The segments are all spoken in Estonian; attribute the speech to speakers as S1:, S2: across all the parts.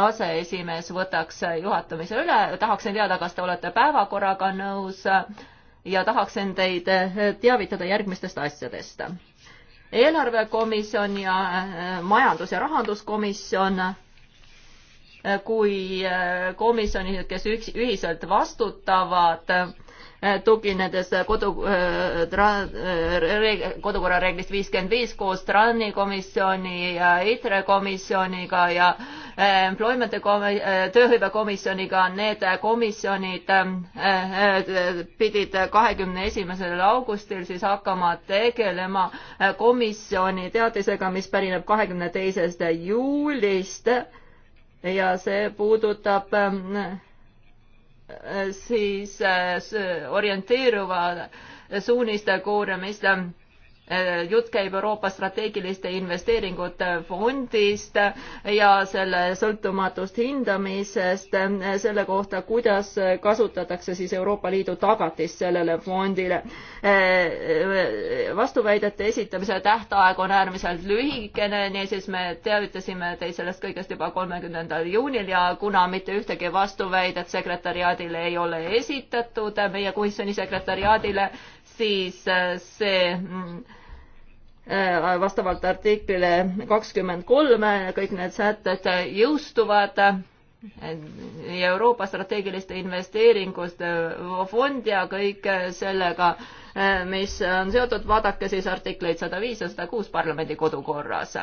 S1: aseesimees võtaks juhatamise üle, tahaksin teada, kas te olete päevakorraga nõus ja tahaksin teid teavitada järgmistest asjadest. eelarvekomisjon ja äh, majandus- ja rahanduskomisjon äh, kui äh, komisjonid, kes ühiselt vastutavad Äh, tuginedes äh, kodu äh,, äh kodukorra reeglist viiskümmend viis koos TRAN-i komisjoni ja ITRE komisjoniga ja employment'i komi-, tööhõivekomisjoniga, need komisjonid äh, pidid kahekümne esimesel augustil siis hakkama tegelema komisjoni teadisega, mis pärineb kahekümne teisest juulist ja see puudutab äh, siis äh, orienteeruva suuniste kooramist jutt käib Euroopa strateegiliste investeeringute fondist ja selle sõltumatust hindamisest, selle kohta, kuidas kasutatakse siis Euroopa Liidu tagatist sellele fondile. vastuväidete esitamise tähtaeg on äärmiselt lühikene, niisiis me teavitasime teid sellest kõigest juba kolmekümnendal juunil ja kuna mitte ühtegi vastuväidet sekretäriaadile ei ole esitatud, meie komisjoni sekretäriaadile, siis see Äh, vastavalt artiklile kakskümmend kolm kõik need sätted jõustuvad Euroopa strateegiliste investeeringute fond ja kõik sellega, äh, mis on seotud, vaadake siis artikleid sada viis ja sada kuus parlamendi kodukorras.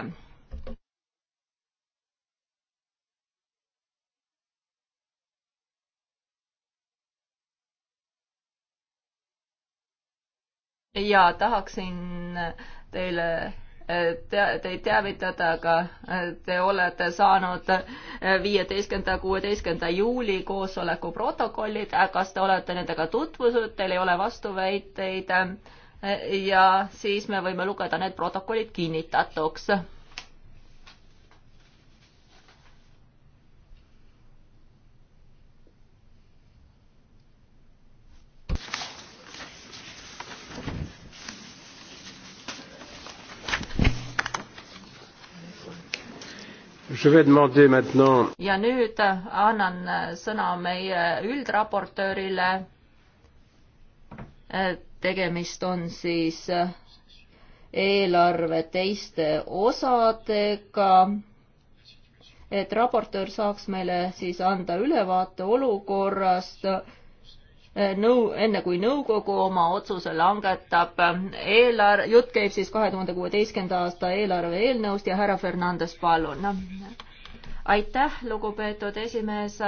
S1: ja tahaksin Äh, teile äh, te, teid teavitada, aga äh, te olete saanud viieteistkümnenda, kuueteistkümnenda juuli koosoleku protokollid, kas te olete nendega tutvunud, teil ei ole vastuväiteid ja siis me võime lugeda need protokollid kinnitatuks ja nüüd annan sõna meie üldraportöörile. tegemist on siis eelarve teiste osadega et raportöör saaks meile siis anda ülevaate olukorrast Eh, nõu, enne kui nõukogu oma otsuse langetab. Eh, eelarve, jutt käib siis kahe tuhande kuueteistkümnenda aasta eelarve eelnõust ja härra Fernandes, palun. aitäh, lugupeetud esimees.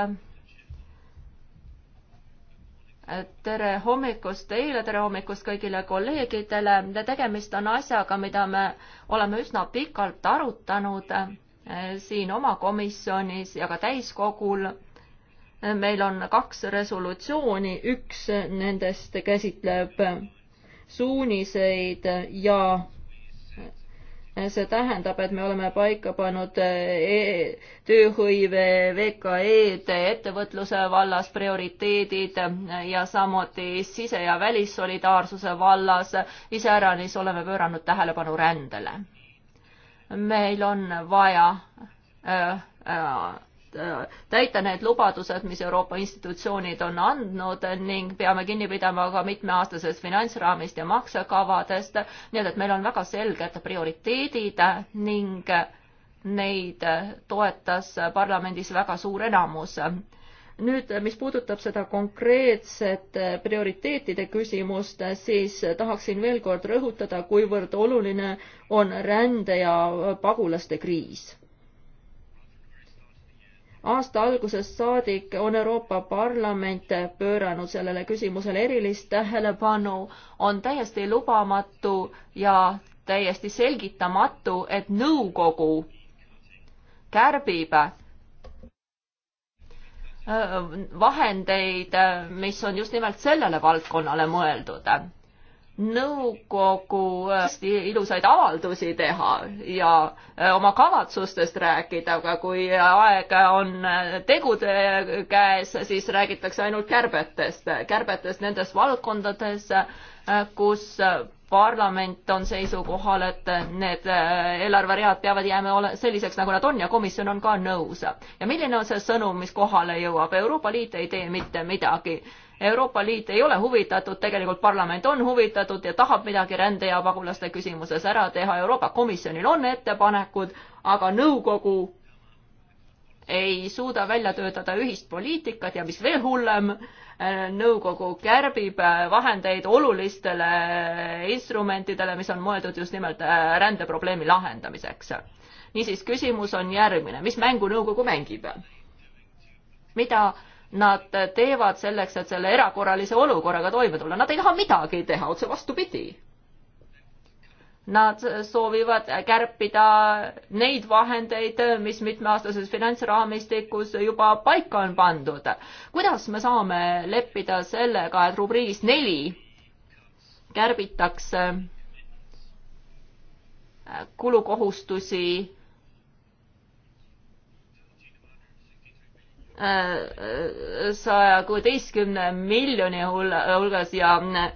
S1: tere hommikust teile, tere hommikust kõigile kolleegidele. tegemist on asjaga, mida me oleme üsna pikalt arutanud eh, siin oma komisjonis ja ka täiskogul meil on kaks resolutsiooni, üks nendest käsitleb suuniseid ja see tähendab, et me oleme paika pannud e tööhõive VKE-d ettevõtluse vallas prioriteedid ja samuti sise- ja välissolidaarsuse vallas. iseäranis oleme pööranud tähelepanu rändele. meil on vaja äh, äh, Äh, täita need lubadused, mis Euroopa institutsioonid on andnud ning peame kinni pidama ka mitmeaastasest finantsraamist ja maksekavadest, nii et meil on väga selged prioriteedid ning neid toetas parlamendis väga suur enamus nüüd, mis puudutab seda konkreetset prioriteetide küsimust, siis tahaksin veel kord rõhutada, kuivõrd oluline on rände ja pagulaste kriis aasta algusest saadik on Euroopa Parlament pööranud sellele küsimusele erilist tähelepanu, on täiesti lubamatu ja täiesti selgitamatu, et nõukogu kärbib äh, vahendeid, äh, mis on just nimelt sellele valdkonnale mõeldud nõukogu äh, hästi ilusaid avaldusi teha ja äh, oma kavatsustest rääkida, aga kui aeg on äh, tegude käes, siis räägitakse ainult kärbetest, kärbetest nendes valdkondades, kus parlament on seisukohal, et need eelarveread peavad jääma ole-, selliseks, nagu nad on ja komisjon on ka nõus. ja milline on see sõnum, mis kohale jõuab, Euroopa Liit ei tee mitte midagi Euroopa Liit ei ole huvitatud, tegelikult parlament on huvitatud ja tahab midagi rände ja pagulaste küsimuses ära teha, Euroopa Komisjonil on ettepanekud, aga nõukogu ei suuda välja töötada ühist poliitikat ja mis veel hullem, nõukogu kärbib vahendeid olulistele instrumentidele, mis on mõeldud just nimelt äh, rändeprobleemi lahendamiseks. niisiis, küsimus on järgmine, mis mängu nõukogu mängib? mida nad teevad selleks, et selle erakorralise olukorraga toime tulla, nad ei taha midagi teha, otse vastupidi. Nad soovivad kärpida neid vahendeid, mis mitmeaastases finantsraamistikus juba paika on pandud. kuidas me saame leppida sellega, et rubriigis neli kärbitakse kulukohustusi saja kuueteistkümne miljoni hulgas ja äh,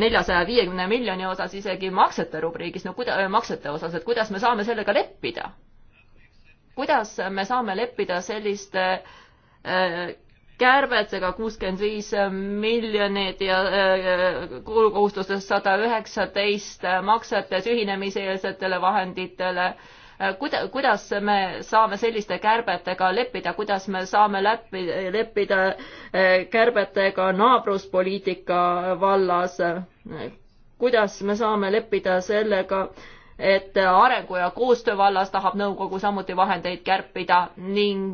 S1: neljasaja viiekümne miljoni osas isegi maksete rubriigis, no kuida-, maksete osas, et kuidas me saame sellega leppida? kuidas me saame leppida selliste äh, kärbetega kuuskümmend viis miljonit ja äh, kulukohustustest sada üheksateist maksetes ühinemiseelsetele vahenditele äh, kuida-, kuidas me saame selliste kärbetega leppida, kuidas me saame läpi, leppida eh, kärbetega naabruspoliitika vallas, kuidas me saame leppida sellega, et arengu ja koostöö vallas tahab nõukogu samuti vahendeid kärpida ning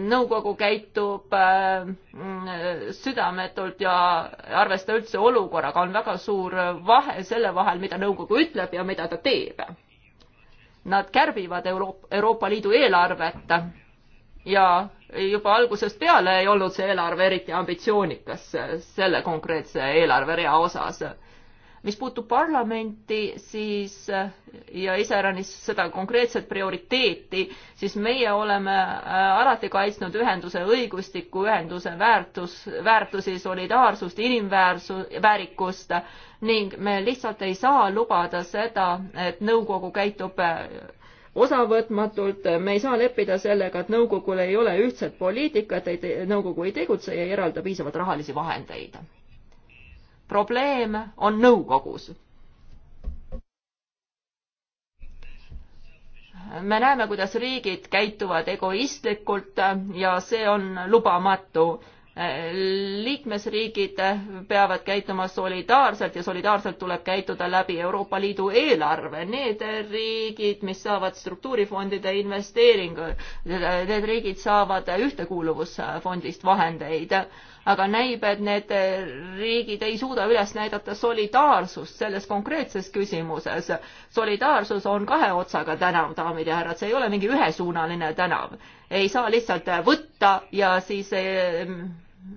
S1: nõukogu käitub äh, südametult ja arvesta üldse olukorraga, on väga suur vahe selle vahel, mida nõukogu ütleb ja mida ta teeb. Nad kärbivad Euroopa, Euroopa Liidu eelarvet ja juba algusest peale ei olnud see eelarve eriti ambitsioonikas selle konkreetse eelarverea osas mis puutub parlamenti, siis ja iseäranis seda konkreetset prioriteeti, siis meie oleme äh, alati kaitsnud ühenduse õigustikku, ühenduse väärtus, väärtusi, solidaarsust, inimväärsu-, väärikust ning me lihtsalt ei saa lubada seda, et nõukogu käitub äh, osavõtmatult, me ei saa leppida sellega, et nõukogul ei ole ühtset poliitikat, nõukogu ei tegutse ja ei eralda piisavalt rahalisi vahendeid probleem on nõukogus. me näeme, kuidas riigid käituvad egoistlikult ja see on lubamatu. liikmesriigid peavad käituma solidaarselt ja solidaarselt tuleb käituda läbi Euroopa Liidu eelarve. Need riigid, mis saavad struktuurifondide investeeringu, need riigid saavad ühtekuuluvusfondist vahendeid aga näib, et need riigid ei suuda üles näidata solidaarsust selles konkreetses küsimuses. solidaarsus on kahe otsaga tänav, daamid ja härrad, see ei ole mingi ühesuunaline tänav. ei saa lihtsalt võtta ja siis ehm,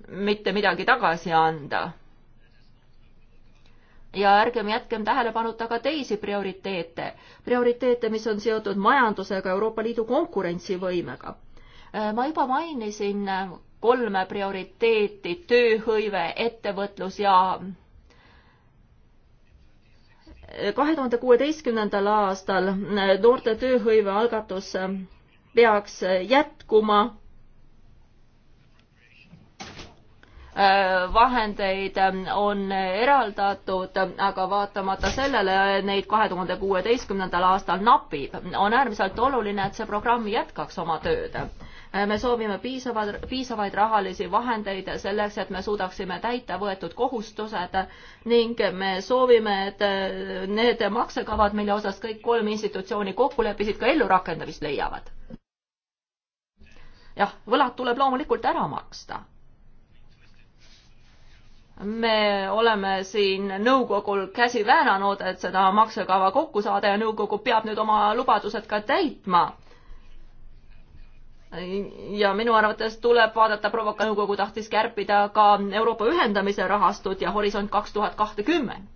S1: mitte midagi tagasi anda. ja ärgem jätkem tähelepanuta ka teisi prioriteete, prioriteete, mis on seotud majandusega, Euroopa Liidu konkurentsivõimega äh, ma juba mainisin äh, kolme prioriteeti, tööhõive, ettevõtlus ja kahe tuhande kuueteistkümnendal aastal noorte tööhõive algatus peaks jätkuma. vahendeid on eraldatud, aga vaatamata sellele neid kahe tuhande kuueteistkümnendal aastal napib. on äärmiselt oluline, et see programm jätkaks oma tööd Äh, me soovime piisavad, piisavaid rahalisi vahendeid selleks, et me suudaksime täita võetud kohustused ning me soovime, et äh, need maksekavad, mille osas kõik kolm institutsiooni kokku leppisid, ka ellurakendamist leiavad. jah, võlad tuleb loomulikult ära maksta me oleme siin nõukogul käsi väänanud, et seda maksekava kokku saada ja nõukogu peab nüüd oma lubadused ka täitma ja minu arvates tuleb vaadata, provoka nõukogu tahtis kärpida ka Euroopa ühendamise rahastut ja Horisont kaks tuhat kahtekümmend.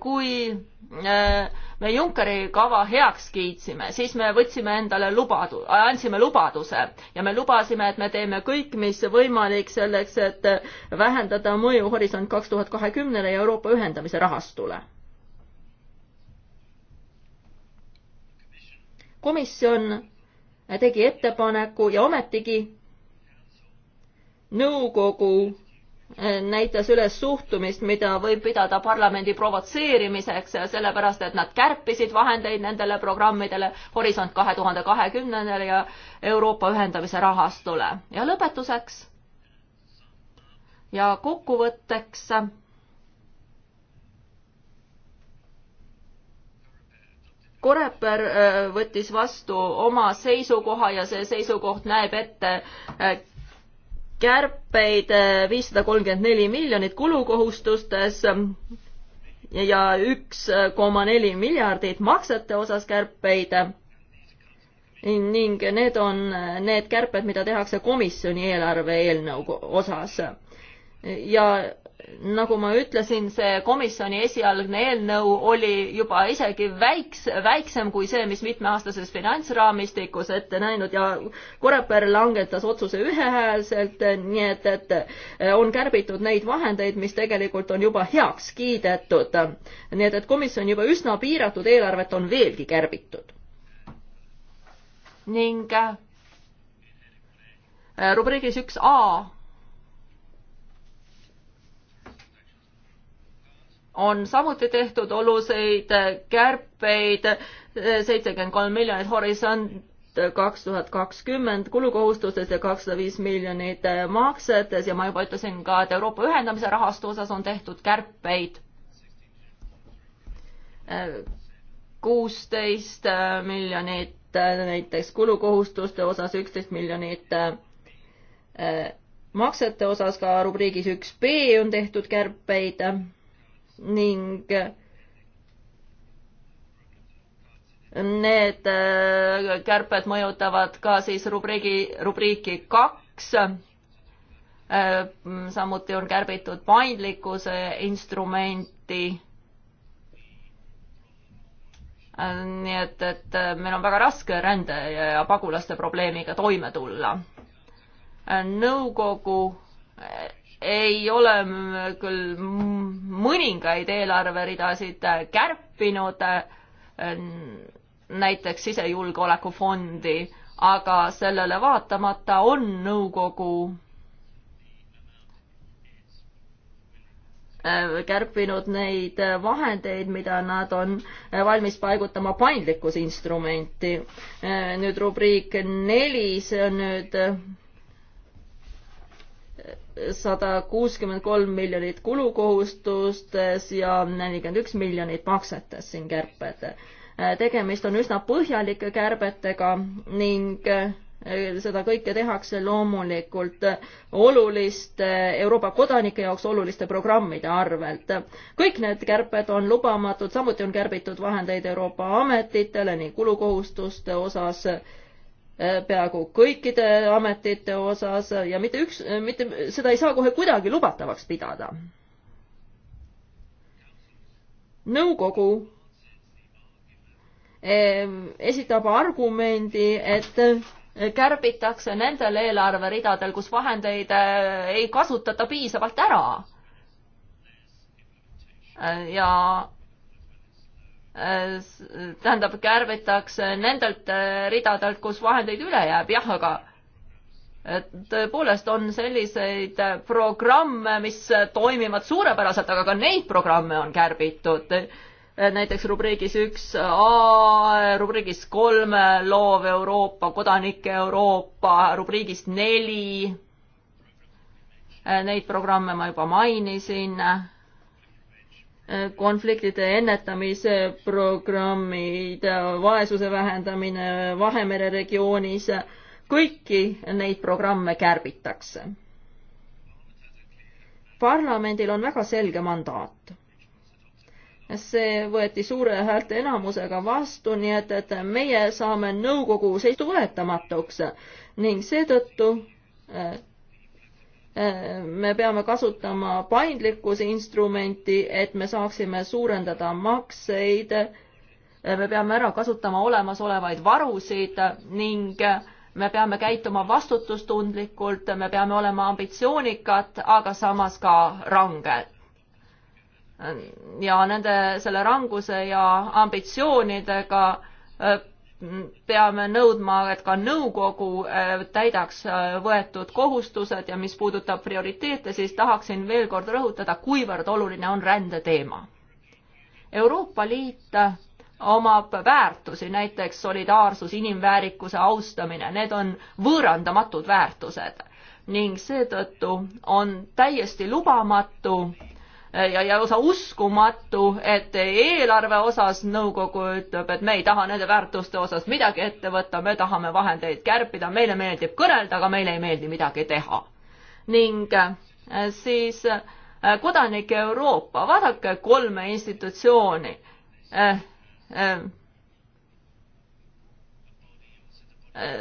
S1: kui äh, me Junckeri kava heaks kiitsime, siis me võtsime endale lubadu-, andsime lubaduse ja me lubasime, et me teeme kõik, mis võimalik selleks, et vähendada mõju Horisont kaks tuhat kahekümnele ja Euroopa ühendamise rahastule komisjon tegi ettepaneku ja ometigi nõukogu eh, näitas üles suhtumist, mida võib pidada parlamendi provotseerimiseks, sellepärast et nad kärpisid vahendeid nendele programmidele Horisont kahe tuhande kahekümnendale ja Euroopa ühendamise rahastule. ja lõpetuseks ja kokkuvõtteks Koreper äh, võttis vastu oma seisukoha ja see seisukoht näeb ette äh, kärpeid äh, viissada kolmkümmend neli miljonit kulukohustustes ähm, ja üks koma neli miljardit maksete osas kärpeid ning need on need kärped, mida tehakse komisjoni eelarve eelnõu osas. ja nagu ma ütlesin, see komisjoni esialgne eelnõu oli juba isegi väiks, väiksem kui see, mis mitmeaastases finantsraamistikus ette näinud ja Koreper langetas otsuse ühehäälselt, nii et, et eh, on kärbitud neid vahendeid, mis tegelikult on juba heaks kiidetud. nii et, et komisjon juba üsna piiratud eelarvet on veelgi kärbitud. ning eh, rubriigis üks A on samuti tehtud oluliseid kärpeid, seitsekümmend kolm miljonit horisont kaks tuhat kakskümmend kulukohustustes ja kakssada viis miljonit maksetes ja ma juba ütlesin ka, et Euroopa ühendamise rahastu osas on tehtud kärpeid. kuusteist miljonit näiteks kulukohustuste osas, üksteist miljonit maksete osas ka rubriigis üks B on tehtud kärpeid ning need äh, kärped mõjutavad ka siis rubriigi, rubriiki kaks. Äh, samuti on kärbitud paindlikkuse instrumenti. Äh, nii et, et meil on väga raske rände ja pagulaste probleemiga toime tulla. nõukogu ei ole küll mõningaid eelarveridasid kärpinud, näiteks sisejulgeolekufondi, aga sellele vaatamata on nõukogu äh, kärpinud neid vahendeid, mida nad on äh, valmis paigutama paindlikkusinstrumenti. Äh, nüüd rubriik neli, see on nüüd sada kuuskümmend kolm miljonit kulukohustustes ja nelikümmend üks miljonit maksetes siin kärped. tegemist on üsna põhjalike kärbetega ning eh, seda kõike tehakse loomulikult oluliste, Euroopa kodanike jaoks oluliste programmide arvelt. kõik need kärped on lubamatud, samuti on kärbitud vahendeid Euroopa ametitele, nii kulukohustuste osas Äh, peaaegu kõikide ametite osas ja mitte üks, äh, mitte, seda ei saa kohe kuidagi lubatavaks pidada. nõukogu ähm, esitab argumendi, et äh, kärbitakse nendel eelarveridadel, kus vahendeid ei kasutata piisavalt ära. ja Äh, tähendab, kärbitakse nendelt äh, ridadelt, kus vahendeid üle jääb, jah, aga et äh, tõepoolest on selliseid programme, mis toimivad suurepäraselt, aga ka neid programme on kärbitud. näiteks rubriigis üks A, rubriigis kolm loov Euroopa, kodanike Euroopa, rubriigis neli. Neid programme ma juba mainisin konfliktide ennetamise programmid, vaesuse vähendamine Vahemere regioonis, kõiki neid programme kärbitakse. parlamendil on väga selge mandaat. see võeti suure häälteenamusega vastu, nii et, et meie saame nõukogu seisu toetamatuks ning seetõttu me peame kasutama paindlikkuse instrumenti, et me saaksime suurendada makseid, me peame ära kasutama olemasolevaid varusid ning me peame käituma vastutustundlikult, me peame olema ambitsioonikad, aga samas ka ranged. ja nende, selle ranguse ja ambitsioonidega peame nõudma, et ka nõukogu äh, täidaks äh, võetud kohustused ja mis puudutab prioriteete, siis tahaksin veel kord rõhutada, kuivõrd oluline on rändeteema. Euroopa Liit äh, omab väärtusi, näiteks solidaarsus, inimväärikuse austamine, need on võõrandamatud väärtused ning seetõttu on täiesti lubamatu Eh, ja, ja lausa uskumatu, et eelarve osas nõukogu ütleb, et me ei taha nende väärtuste osas midagi ette võtta, me tahame vahendeid kärpida, meile meeldib kõnelda, aga meile ei meeldi midagi teha. ning eh, siis eh, kodanike Euroopa, vaadake kolme institutsiooni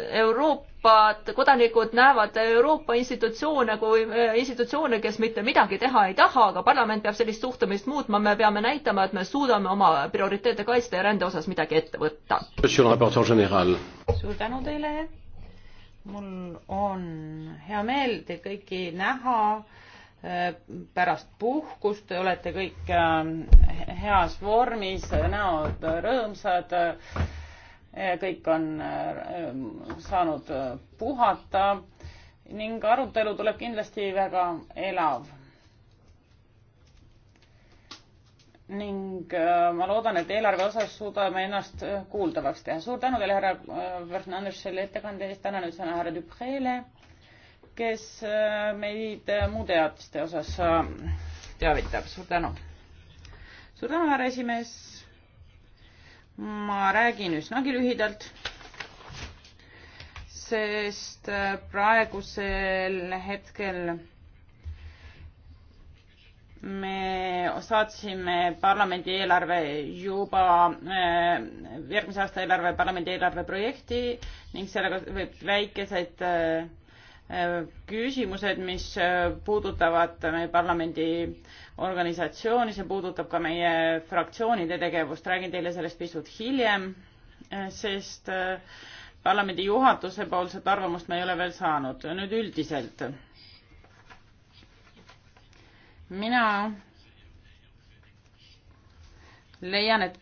S1: Euroop-, Euroopat, kodanikud näevad Euroopa institutsioone kui eh, institutsioone, kes mitte midagi teha ei taha, aga parlament peab sellist suhtumist muutma, me peame näitama, et me suudame oma prioriteete kaitsta ja rände osas midagi ette võtta.
S2: suur tänu teile. mul on hea meel teid kõiki näha eh, pärast puhkust, te olete kõik eh, heas vormis, näod rõõmsad Eh, kõik on eh, saanud eh, puhata ning arutelu tuleb kindlasti väga elav. ning ma loodan, et eelarve osas suudame ennast kuuldavaks teha. suur tänu teile, härra Fernandes, selle ettekande eest. tänan nüüd sõna härra Dupreele, kes meid muude teadmiste osas teavitab. suur tänu. suur tänu, härra esimees ma räägin üsnagi lühidalt, sest äh, praegusel hetkel me saatsime parlamendi eelarve juba äh,, järgmise aasta eelarve parlamendi eelarve projekti ning sellega võib väikeseid äh, küsimused, mis äh, puudutavad meie parlamendi organisatsiooni, see puudutab ka meie fraktsioonide tegevust, räägin teile sellest pisut hiljem, äh, sest äh, parlamendi juhatuse poolset arvamust me ei ole veel saanud. nüüd üldiselt. mina leian, et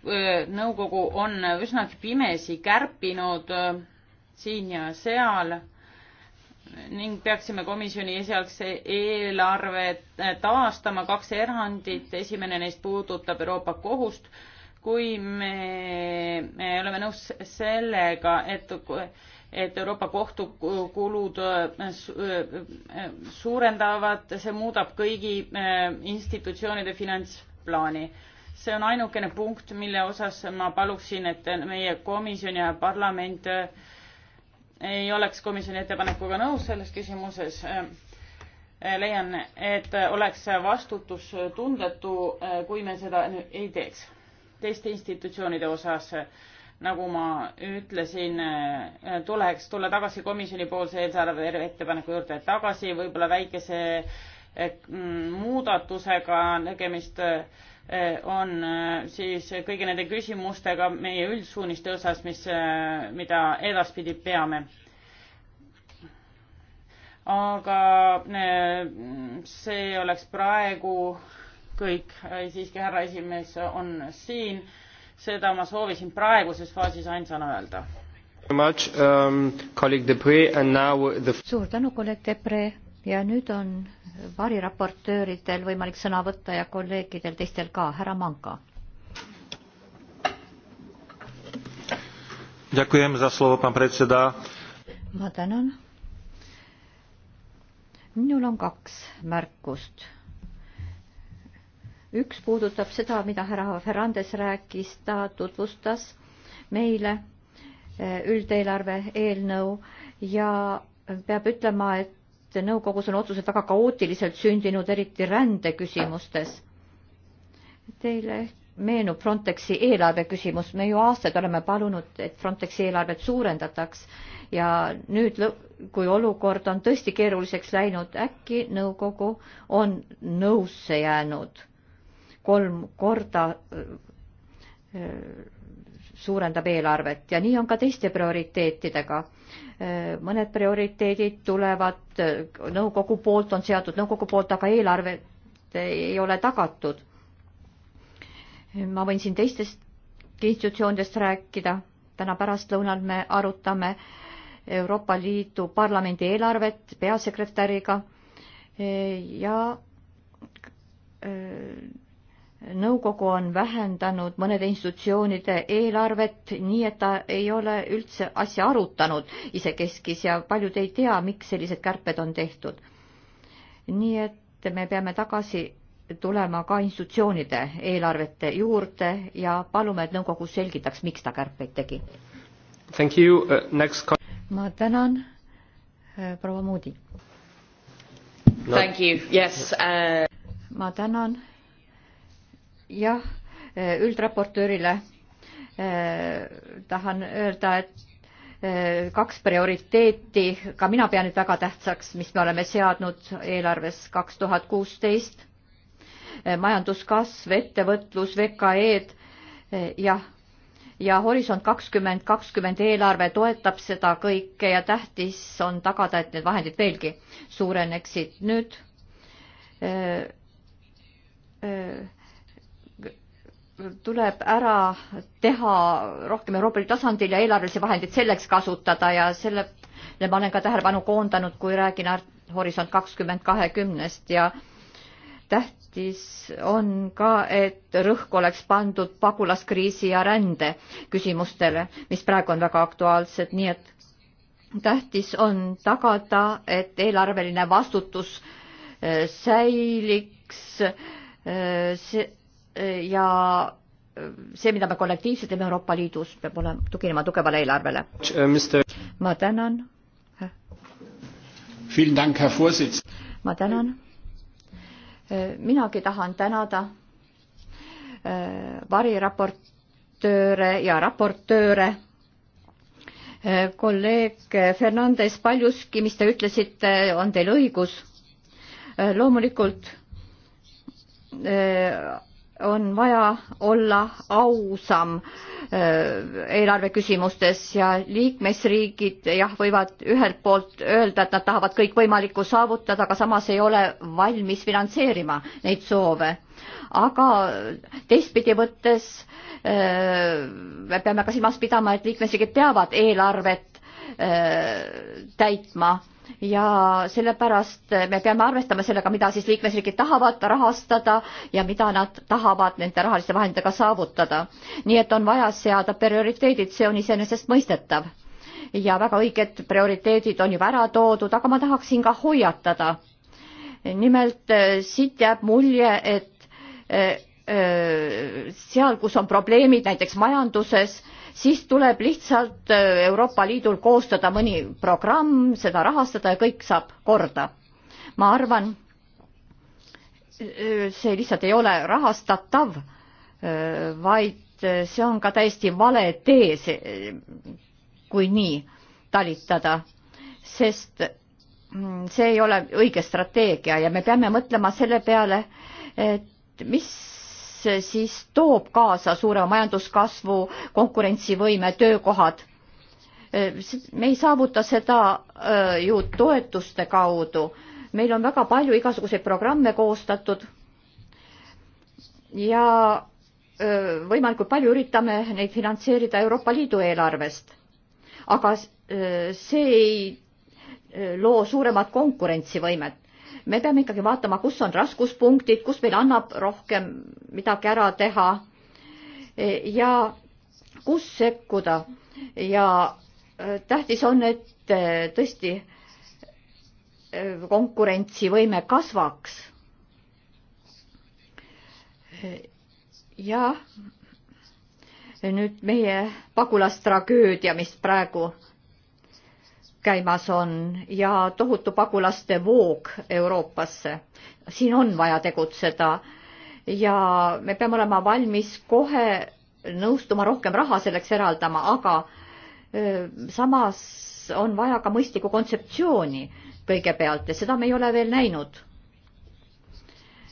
S2: nõukogu on üsnagi pimesi kärpinud siin ja seal ning peaksime komisjoni esialgse eelarve taastama kaks erandit, esimene neist puudutab Euroopa kohust, kui me, me oleme nõus sellega, et et Euroopa Kohtu kulud äh, äh, suurendavad, see muudab kõigi äh, institutsioonide finantsplaani. see on ainukene punkt, mille osas ma paluksin, et meie komisjon ja parlament äh, ei oleks komisjoni ettepanekuga nõus selles küsimuses. Äh, leian, et oleks vastutustundetu, äh, kui me seda ei teeks. teiste institutsioonide osas, äh, nagu ma ütlesin, tuleks tulla tagasi komisjoni poolse eelarve ettepaneku juurde tagasi, võib-olla väikese mm, muudatusega tegemist Eh, on eh, siis kõigi nende küsimustega meie üldsuuniste osas, mis, eh, mida edaspidi peame. aga see oleks praegu kõik, siiski härra esimees on siin, seda ma soovisin praeguses faasis ainsana öelda. Um,
S3: suur tänu, kolleeg Depree ja nüüd on variraportööridel võimalik sõna võtta ja kolleegidel teistel ka. härra Manka. ma tänan. minul on kaks märkust. üks puudutab seda, mida härra Ferrandes rääkis, ta tutvustas meile eh, üldeelarve eelnõu ja peab ütlema, et et nõukogus on otsused väga kaootiliselt sündinud, eriti rändeküsimustes. Teile meenub Frontexi eelarve küsimus, me ju aastaid oleme palunud, et Frontexi eelarvet suurendataks ja nüüd, kui olukord on tõesti keeruliseks läinud, äkki nõukogu on nõusse jäänud kolm korda öö, äh, äh, suurendab eelarvet ja nii on ka teiste prioriteetidega. Äh, mõned prioriteedid tulevad äh, nõukogu poolt, on seatud nõukogu poolt, aga eelarve ei ole tagatud. ma võin siin teistest institutsioonidest rääkida. täna pärastlõunal me arutame Euroopa Liidu Parlamendi eelarvet peasekretäriga äh, ja nõukogu on vähendanud mõnede institutsioonide eelarvet nii, et ta ei ole üldse asja arutanud isekeskis ja paljud ei tea, miks sellised kärped on tehtud. nii et me peame tagasi tulema ka institutsioonide eelarvete juurde ja palume, et nõukogu selgitaks, miks ta kärpeid tegi. Uh, next... ma tänan, uh, proua Moodi.
S2: Uh-
S3: ma tänan jah, eh, üldraportöörile eh, tahan öelda, et eh, kaks prioriteeti, ka mina pean nüüd väga tähtsaks, mis me oleme seadnud eelarves kaks tuhat kuusteist, majanduskasv, ettevõtlus, VKE-d, jah, ja Horisont kakskümmend kakskümmend eelarve toetab seda kõike ja tähtis on tagada, et need vahendid veelgi suureneksid. nüüd öö, öö, tuleb ära teha rohkem Euroopa Liidu tasandil ja eelarvelisi vahendeid selleks kasutada ja selle ma olen ka tähelepanu koondanud, kui räägin Horisont kakskümmend kahekümnest ja tähtis on ka, et rõhk oleks pandud pagulaskriisi ja rände küsimustele, mis praegu on väga aktuaalsed, nii et tähtis on tagada, et eelarveline vastutus äh, säiliks äh, see ja äh, see, mida me kollektiivselt teeme Euroopa Liidus, peab olema, tuginema tugevale eelarvele. Äh, ma tänan. Äh. ma tänan. minagi tahan tänada variraportööre ja raportööre kolleeg Fernandes Paljuski, mis te ütlesite, on teil õigus. loomulikult on vaja olla ausam äh, eelarve küsimustes ja liikmesriigid jah, võivad ühelt poolt öelda, et nad tahavad kõikvõimalikku saavutada, aga samas ei ole valmis finantseerima neid soove. aga teistpidi võttes äh, me peame ka silmas pidama, et liikmesriigid peavad eelarvet äh, täitma ja sellepärast me peame arvestama sellega, mida siis liikmesriigid tahavad rahastada ja mida nad tahavad nende rahaliste vahenditega saavutada. nii et on vaja seada prioriteedid, see on iseenesestmõistetav. ja väga õiged prioriteedid on juba ära toodud, aga ma tahaksin ka hoiatada. nimelt eh, siit jääb mulje, et eh, eh, seal, kus on probleemid näiteks majanduses, siis tuleb lihtsalt äh, Euroopa Liidul koostada mõni programm, seda rahastada ja kõik saab korda. ma arvan, äh, see lihtsalt ei ole rahastatav, äh, vaid see on ka täiesti vale tee, kui nii talitada, sest mm, see ei ole õige strateegia ja me peame mõtlema selle peale, et mis siis toob kaasa suurema majanduskasvu, konkurentsivõime, töökohad. me ei saavuta seda äh, ju toetuste kaudu. meil on väga palju igasuguseid programme koostatud ja äh, võimalikult palju üritame neid finantseerida Euroopa Liidu eelarvest. aga äh, see ei loo suuremat konkurentsivõimet me peame ikkagi vaatama, kus on raskuspunktid, kus meil annab rohkem midagi ära teha ja kus sekkuda ja äh, tähtis on, et äh, tõesti äh, konkurentsivõime kasvaks. ja nüüd meie pagulastragöödia, mis praegu käimas on ja tohutu pagulaste voog Euroopasse. siin on vaja tegutseda ja me peame olema valmis kohe nõustuma rohkem raha selleks eraldama, aga öö, samas on vaja ka mõistlikku kontseptsiooni kõigepealt ja seda me ei ole veel näinud.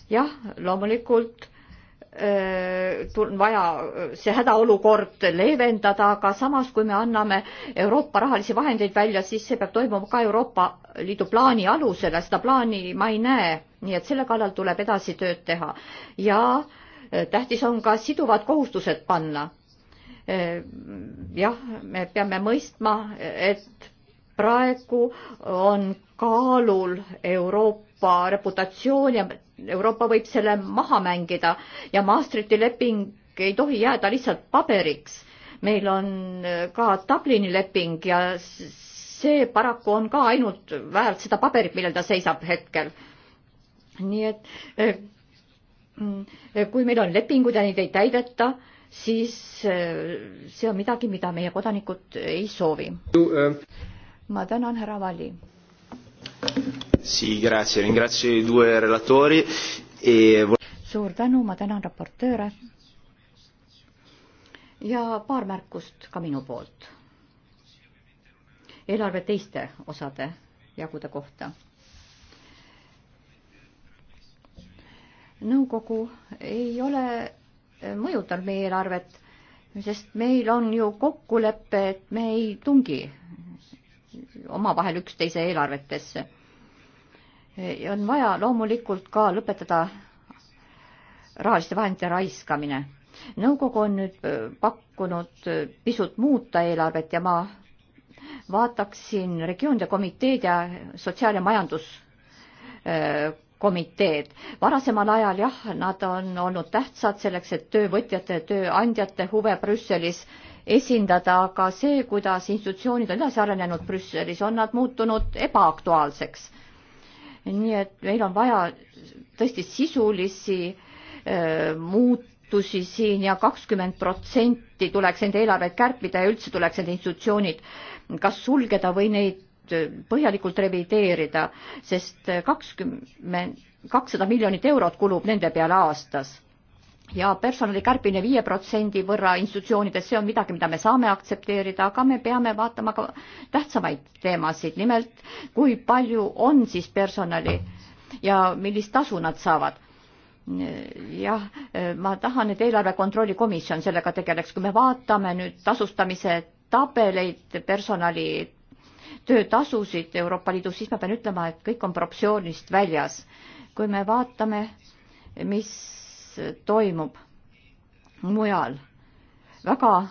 S3: jah, loomulikult Äh, vaja äh, see hädaolukord leevendada, aga samas, kui me anname Euroopa rahalisi vahendeid välja, siis see peab toimuma ka Euroopa Liidu plaani alusel ja seda plaani ma ei näe, nii et selle kallal tuleb edasi tööd teha. ja äh, tähtis on ka siduvad kohustused panna. jah, me peame mõistma, et praegu on kaalul Euroopa reputatsioon ja Euroopa võib selle maha mängida ja Maastrichti leping ei tohi jääda lihtsalt paberiks. meil on äh, ka Dublini leping ja see paraku on ka ainult väärt seda paberit, millel ta seisab hetkel. nii et äh, mm, äh, kui meil on lepingud ja neid ei täideta, siis see on midagi, mida meie kodanikud ei soovi. ma tänan, härra Valli.
S1: Sì, grazie. Ringrazio i due relatori. E...
S3: Suur tänu, ma tänan raportööre. ja paar märkust ka minu poolt. eelarve teiste osade jagude kohta. nõukogu ei ole mõjutanud meie eelarvet, sest meil on ju kokkulepe, et me ei tungi omavahel üksteise eelarvetesse on vaja loomulikult ka lõpetada rahaliste vahendite raiskamine. nõukogu on nüüd pakkunud pisut muuta eelarvet ja ma vaataksin regioonide komiteed ja sotsiaal- ja majanduskomiteed. varasemal ajal jah, nad on olnud tähtsad selleks, et töövõtjate ja tööandjate huve Brüsselis esindada, aga see, kuidas institutsioonid on edasi arenenud Brüsselis, on nad muutunud ebaaktuaalseks nii et meil on vaja tõesti sisulisi äh, muutusi siin ja kakskümmend protsenti tuleks nende eelarveid kärpida ja üldse tuleks need institutsioonid kas sulgeda või neid äh, põhjalikult revideerida, sest äh, kakskümmend, kakssada miljonit eurot kulub nende peale aastas ja personali kärbine viie protsendi võrra institutsioonides, see on midagi, mida me saame aktsepteerida, aga me peame vaatama ka tähtsamaid teemasid, nimelt kui palju on siis personali ja millist tasu nad saavad. jah, ma tahan, et eelarve kontrolli komisjon sellega tegeleks, kui me vaatame nüüd tasustamise tabeleid personali töötasusid Euroopa Liidus, siis ma pean ütlema, et kõik on proportsioonist väljas. kui me vaatame, mis toimub mujal. väga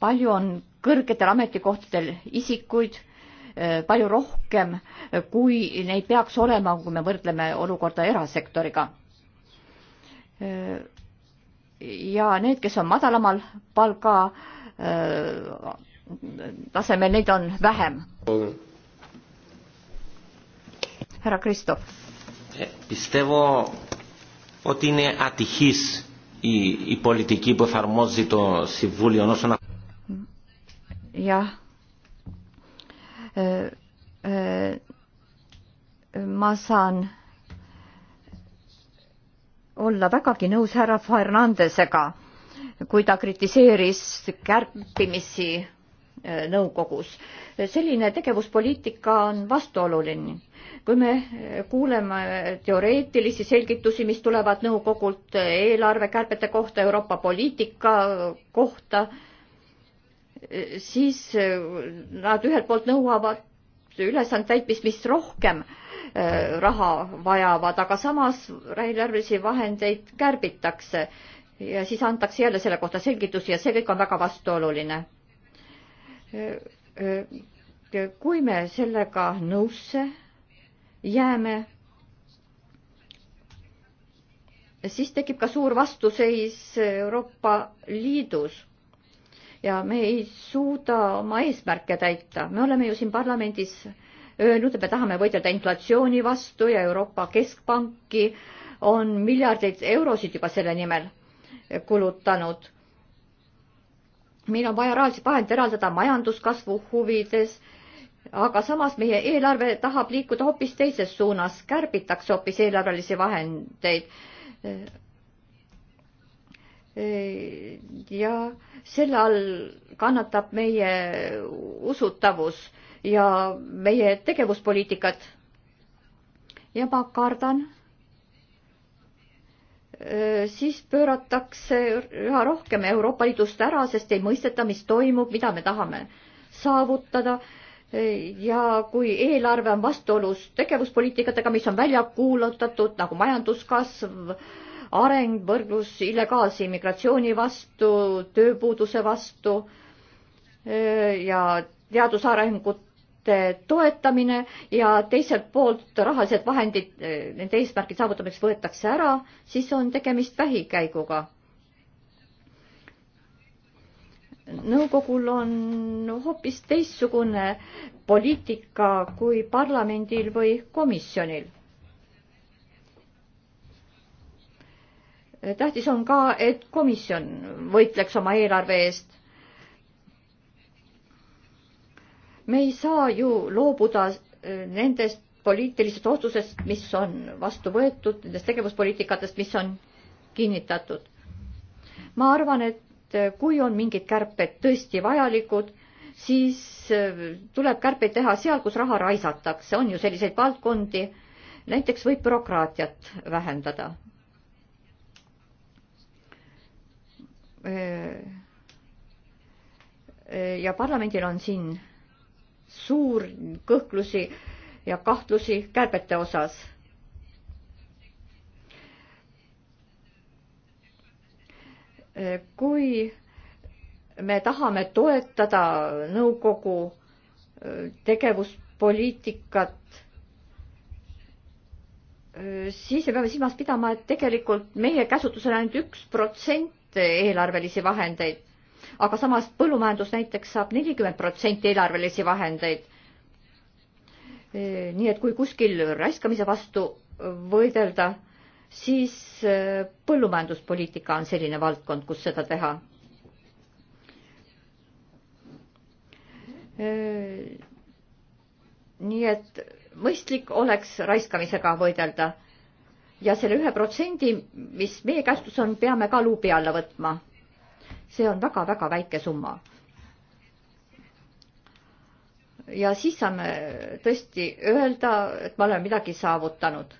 S3: palju on kõrgetel ametikohtadel isikuid, eh, palju rohkem, eh, kui neid peaks olema, kui me võrdleme olukorda erasektoriga. Eh, ja need, kes on madalamal palga tasemel, neid on vähem. härra Kristof.
S2: Pistevo ότι είναι ατυχής η, η πολιτική που εφαρμόζει το Συμβούλιο όσον Jah.
S3: ma saan olla vägagi nõus härra Fernandesega, kui ta kritiseeris kärpimisi Äh, nõukogus. selline tegevuspoliitika on vastuoluline. kui me äh, kuuleme teoreetilisi selgitusi, mis tulevad nõukogult äh, eelarvekärbete kohta, Euroopa poliitika kohta, siis nad ühelt poolt nõuavad ülesande täitmist, mis rohkem raha vajavad, aga samas riigieelarvelisi vahendeid kärbitakse ja siis antakse jälle selle kohta selgitusi ja see kõik on väga vastuoluline kui me sellega nõusse jääme, siis tekib ka suur vastuseis Euroopa Liidus ja me ei suuda oma eesmärke täita. me oleme ju siin parlamendis öelnud, et me tahame võidelda inflatsiooni vastu ja Euroopa Keskpanki on miljardeid eurosid juba selle nimel kulutanud meil on vaja rahalised vahendid eraldada majanduskasvu huvides, aga samas meie eelarve tahab liikuda hoopis teises suunas, kärbitakse hoopis eelarvelisi vahendeid. ja selle all kannatab meie usutavus ja meie tegevuspoliitikad. ja ma kardan Äh, siis pööratakse üha rohkem Euroopa Liidust ära, sest ei mõisteta, mis toimub, mida me tahame saavutada. Äh, ja kui eelarve on vastuolus tegevuspoliitikatega, mis on välja kuulutatud nagu majanduskasv, areng, võrdlus illegaalse immigratsiooni vastu, tööpuuduse vastu äh, ja teadusarengut toetamine ja teiselt poolt rahalised vahendid eh, nende eesmärkide saavutamiseks võetakse ära, siis on tegemist vähikäiguga. nõukogul on hoopis teistsugune poliitika kui parlamendil või komisjonil. tähtis on ka, et komisjon võitleks oma eelarve eest me ei saa ju loobuda äh, nendest poliitilisest otsusest, mis on vastu võetud, nendest tegevuspoliitikatest, mis on kinnitatud. ma arvan, et äh, kui on mingid kärped tõesti vajalikud, siis äh, tuleb kärpeid teha seal, kus raha raisatakse, on ju selliseid valdkondi, näiteks võib bürokraatiat vähendada. ja parlamendil on siin suur kõhklusi ja kahtlusi kärbete osas. kui me tahame toetada nõukogu äh, tegevuspoliitikat, äh, siis me peame silmas pidama, et tegelikult meie käsutusel ainult üks protsent eelarvelisi vahendeid aga samas põllumajandus näiteks saab nelikümmend protsenti eelarvelisi vahendeid. nii et kui kuskil raiskamise vastu võidelda, siis eh, põllumajanduspoliitika on selline valdkond, kus seda teha. Eh, nii et mõistlik oleks raiskamisega võidelda ja selle ühe protsendi, mis meie käsutus on, peame ka luubi alla võtma see on väga-väga väike summa. ja siis saame tõesti öelda, et me oleme midagi saavutanud.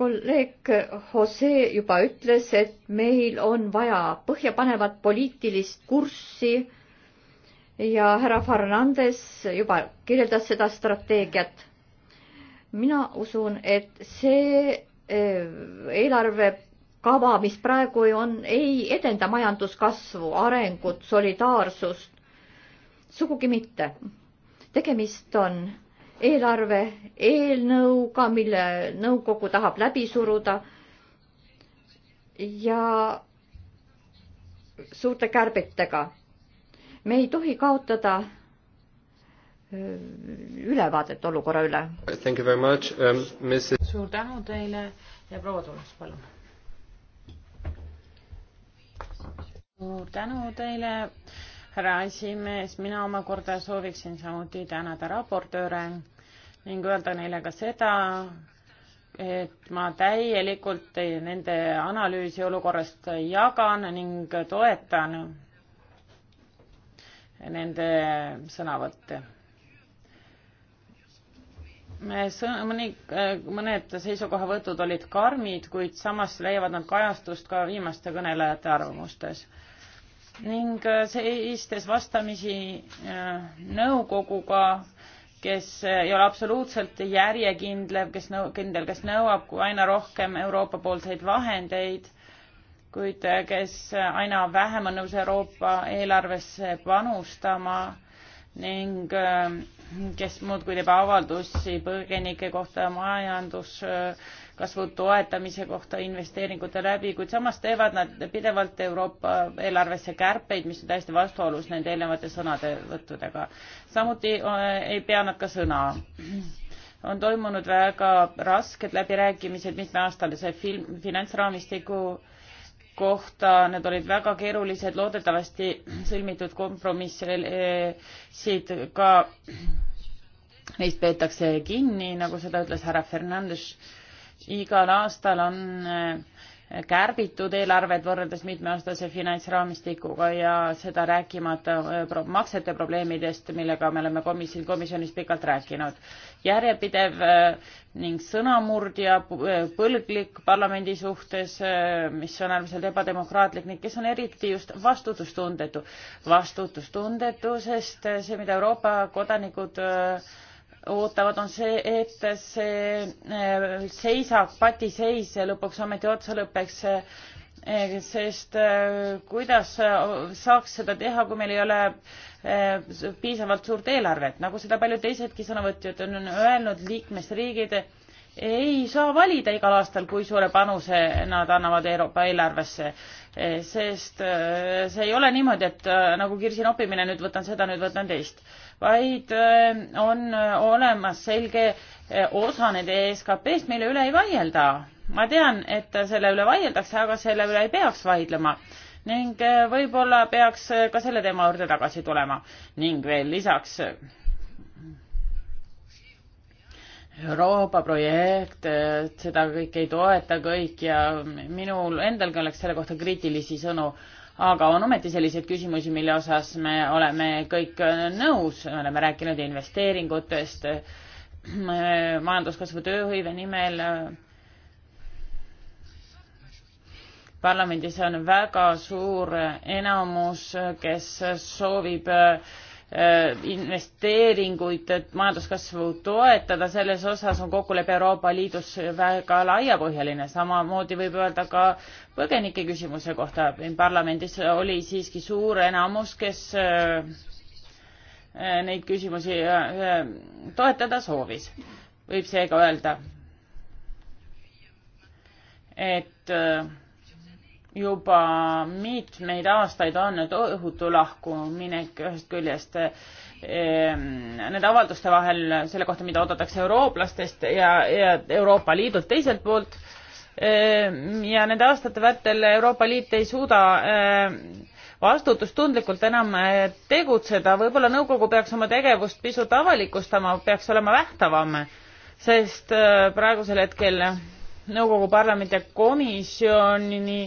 S3: kolleeg Jose juba ütles, et meil on vaja põhjapanevat poliitilist kurssi ja härra Fernandes juba kirjeldas seda strateegiat. mina usun, et see eh, eelarve kava, mis praegu ju on, ei edenda majanduskasvu, arengut, solidaarsust. sugugi mitte. tegemist on eelarve eelnõuga, mille nõukogu tahab läbi suruda. ja suurte kärbetega. me ei tohi kaotada ülevaadet olukorra üle. Um, suur
S2: tänu teile ja proua Tuulas, palun suur tänu teile, härra esimees, mina omakorda sooviksin samuti tänada raportööre ning öelda neile ka seda, et ma täielikult nende analüüsi olukorrast jagan ning toetan nende sõnavõtte. me sõn-, mõni, mõned seisukohavõtud olid karmid, kuid samas leiavad nad kajastust ka viimaste kõnelejate arvamustes ning äh, seistes vastamisi äh, nõukoguga, kes äh, ei ole absoluutselt järjekindlev, kes nõu-, kindel, kes nõuab aina rohkem Euroopa poolseid vahendeid, kuid kes aina vähem on nõus Euroopa eelarvesse panustama ning kes muudkui teeb avaldusi põgenike kohta, majandus äh, kasvu toetamise kohta investeeringute läbi, kuid samas teevad nad pidevalt Euroopa eelarvesse kärpeid, mis on täiesti vastuolus nende eelnevate sõnavõttudega. samuti eh, ei pea nad ka sõna on toimunud väga rasked läbirääkimised mitmeaastase film, finantsraamistiku kohta, need olid väga keerulised, loodetavasti sõlmitud kompromissid ka, neist peetakse kinni, nagu seda ütles härra Fernandes igal aastal on äh, kärbitud eelarved võrreldes mitmeaastase finantsraamistikuga ja seda rääkimata äh, maksete probleemidest, millega me oleme komisjon, komisjonis pikalt rääkinud. järjepidev äh, ning sõnamurdja, põlglik parlamendi suhtes, mis on äärmiselt ebademokraatlik ning kes on eriti just vastutustundetu. vastutustundetu, sest see, mida Euroopa kodanikud ootavad, on see, et see äh, seisak, patiseis lõpuks ometi otsa lõpeks. Äh, sest äh, kuidas saaks seda teha, kui meil ei ole piisavalt suurt eelarvet, nagu seda paljud teisedki sõnavõtjad on öelnud, liikmesriigid ei saa valida igal aastal, kui suure panuse nad annavad Euroopa eelarvesse, sest see ei ole niimoodi, et nagu kirsinoppimine, nüüd võtan seda, nüüd võtan teist vaid äh, on äh, olemas selge äh, osa nende SKP-st, mille üle ei vaielda. ma tean, et selle üle vaieldakse, aga selle üle ei peaks vaidlema ning võib-olla peaks ka selle teema juurde tagasi tulema ning veel lisaks Euroopa projekt, seda kõike ei toeta kõik ja minul endalgi oleks selle kohta kriitilisi sõnu, aga on ometi selliseid küsimusi, mille osas me oleme kõik nõus, oleme rääkinud investeeringutest, majanduskasvu tööhõive nimel. parlamendis on väga suur enamus, kes soovib äh, Äh, investeeringuid, et majanduskasvu toetada, selles osas on kokkulepe Euroopa Liidus väga laiapõhjaline, samamoodi võib öelda ka põgenike küsimuse kohta. parlamendis oli siiski suur enamus, kes äh, neid küsimusi äh, toetada soovis, võib seega öelda, et juba mitmeid aastaid on nüüd õhutu lahkuminek ühest küljest ehm, nende avalduste vahel selle kohta, mida oodatakse eurooplastest ja, ja Euroopa Liidult teiselt poolt. Ehm, ja nende aastate vältel Euroopa Liit ei suuda ehm, vastutustundlikult enam eh, tegutseda, võib-olla nõukogu peaks oma tegevust pisut avalikustama, peaks olema vähtavam, sest eh, praegusel hetkel nõukogu parlament ja komisjoni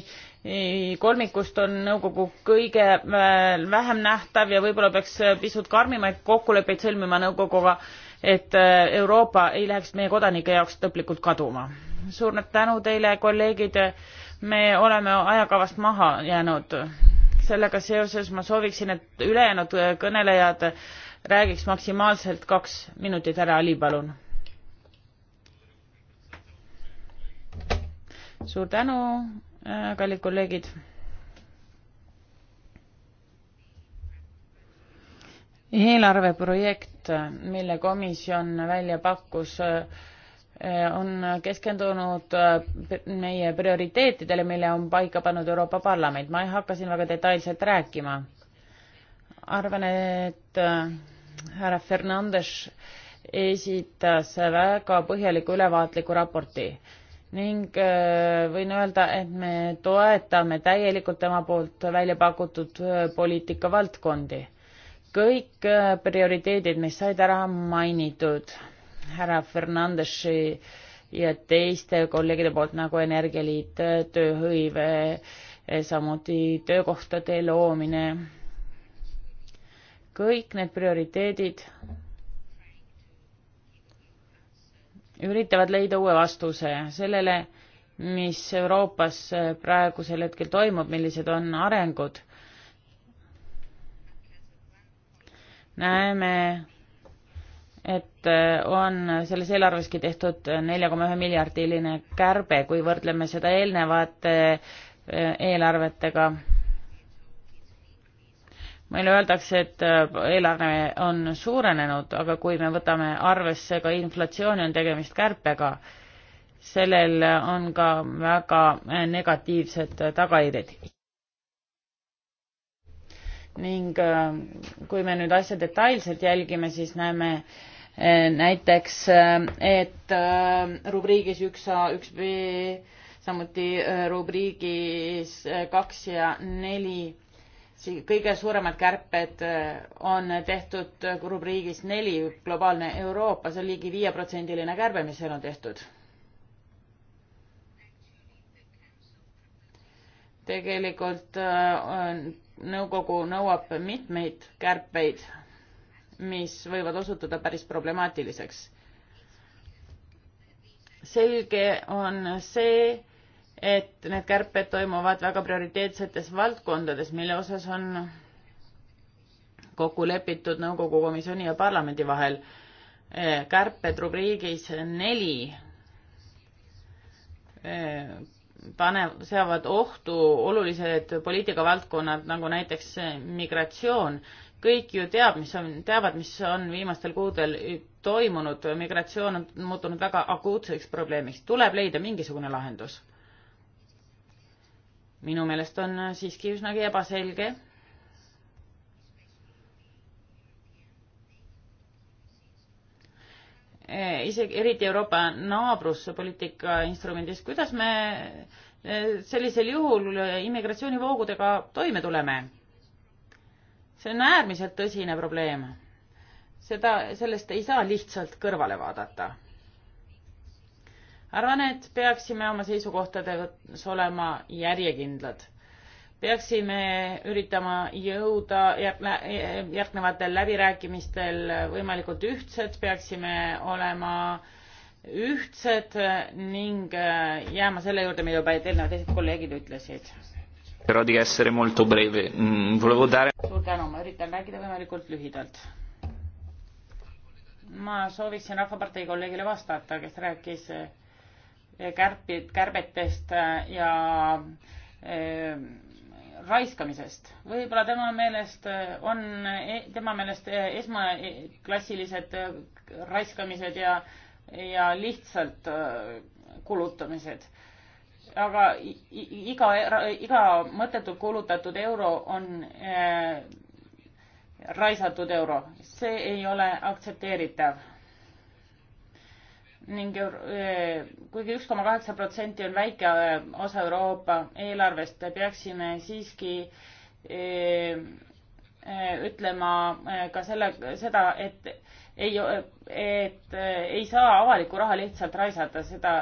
S2: kolmikust on nõukogu kõige äh, vähem nähtav ja võib-olla peaks äh, pisut karmimaid kokkuleppeid sõlmima nõukoguga, et äh, Euroopa ei läheks meie kodanike jaoks lõplikult kaduma. suur tänu teile, kolleegid, me oleme ajakavast maha jäänud. sellega seoses ma sooviksin, et ülejäänud kõnelejad räägiks maksimaalselt kaks minutit, härra Ali, palun. suur tänu Äh, kallid kolleegid. eelarveprojekt, mille komisjon välja pakkus, äh, on keskendunud äh, meie prioriteetidele, mille on paika pannud Euroopa Parlament. ma ei hakka siin väga detailselt rääkima. arvan, et härra Fernandes esitas väga põhjaliku ülevaatliku raporti ning äh, võin öelda, et me toetame täielikult tema poolt välja pakutud äh, poliitikavaldkondi. kõik äh, prioriteedid, mis said ära mainitud härra Fernandesi ja teiste kolleegide poolt nagu Energialiit, tööhõive, samuti töökohtade loomine, kõik need prioriteedid üritavad leida uue vastuse sellele, mis Euroopas praegusel hetkel toimub, millised on arengud. näeme, et on selles eelarveski tehtud nelja koma ühe miljardiline kärbe, kui võrdleme seda eelnevate eelarvetega meile öeldakse, et äh, eelarve on suurenenud, aga kui me võtame arvesse ka inflatsiooni, on tegemist kärpega. sellel on ka väga äh, negatiivsed äh, tagajärjed. ning kui me nüüd asja detailselt jälgime, siis näeme näiteks, et rubriigis üks A, üks B, samuti rubriigis kaks ja neli kõige suuremad kärped äh, on tehtud äh, rubriigis neli globaalne Euroopa, see on ligi viieprotsendiline kärbe, mis seal on tehtud. tegelikult äh, nõukogu nõuab mitmeid kärpeid, mis võivad osutuda päris problemaatiliseks. selge on see, et need kärped toimuvad väga prioriteetsetes valdkondades, mille osas on kokku lepitud nõukogu komisjoni ja parlamendi vahel. Eh, kärped rubriigis neli eh, panev, seavad ohtu olulised poliitikavaldkonnad nagu näiteks eh, migratsioon. kõik ju teab, mis on, teavad, mis on viimastel kuudel toimunud, migratsioon on muutunud väga akuutseks probleemiks, tuleb leida mingisugune lahendus minu meelest on siiski üsnagi ebaselge. E, isegi eriti Euroopa naabruspoliitika instrumendis, kuidas me e, sellisel juhul immigratsioonivoogudega toime tuleme? see on äärmiselt tõsine probleem. seda, sellest ei saa lihtsalt kõrvale vaadata arvan, et peaksime oma seisukohtades olema järjekindlad. peaksime üritama jõuda järgnevatel läbirääkimistel võimalikult ühtsed, peaksime olema ühtsed ning äh, jääma selle juurde, mida juba eelnevad teised kolleegid ütlesid. Però di essere molto breve. Mm, volevo dare... Suur tänu, ma üritan rääkida võimalikult lühidalt ma sooviksin Rahvapartei kolleegile vastata, kes rääkis äh, kärpid, kärbetest äh, ja äh, raiskamisest. võib-olla tema meelest äh, on, e, tema meelest äh, esmaklassilised raiskamised ja, ja lihtsalt kulutamised. aga iga, iga mõttetult kulutatud euro on äh, raisatud euro, see ei ole aktsepteeritav ning eh, kuigi üks koma kaheksa protsenti on väike eh, osa Euroopa eelarvest, peaksime siiski eh, ütlema ka selle, seda, et ei, et ei saa avalikku raha lihtsalt raisata, seda,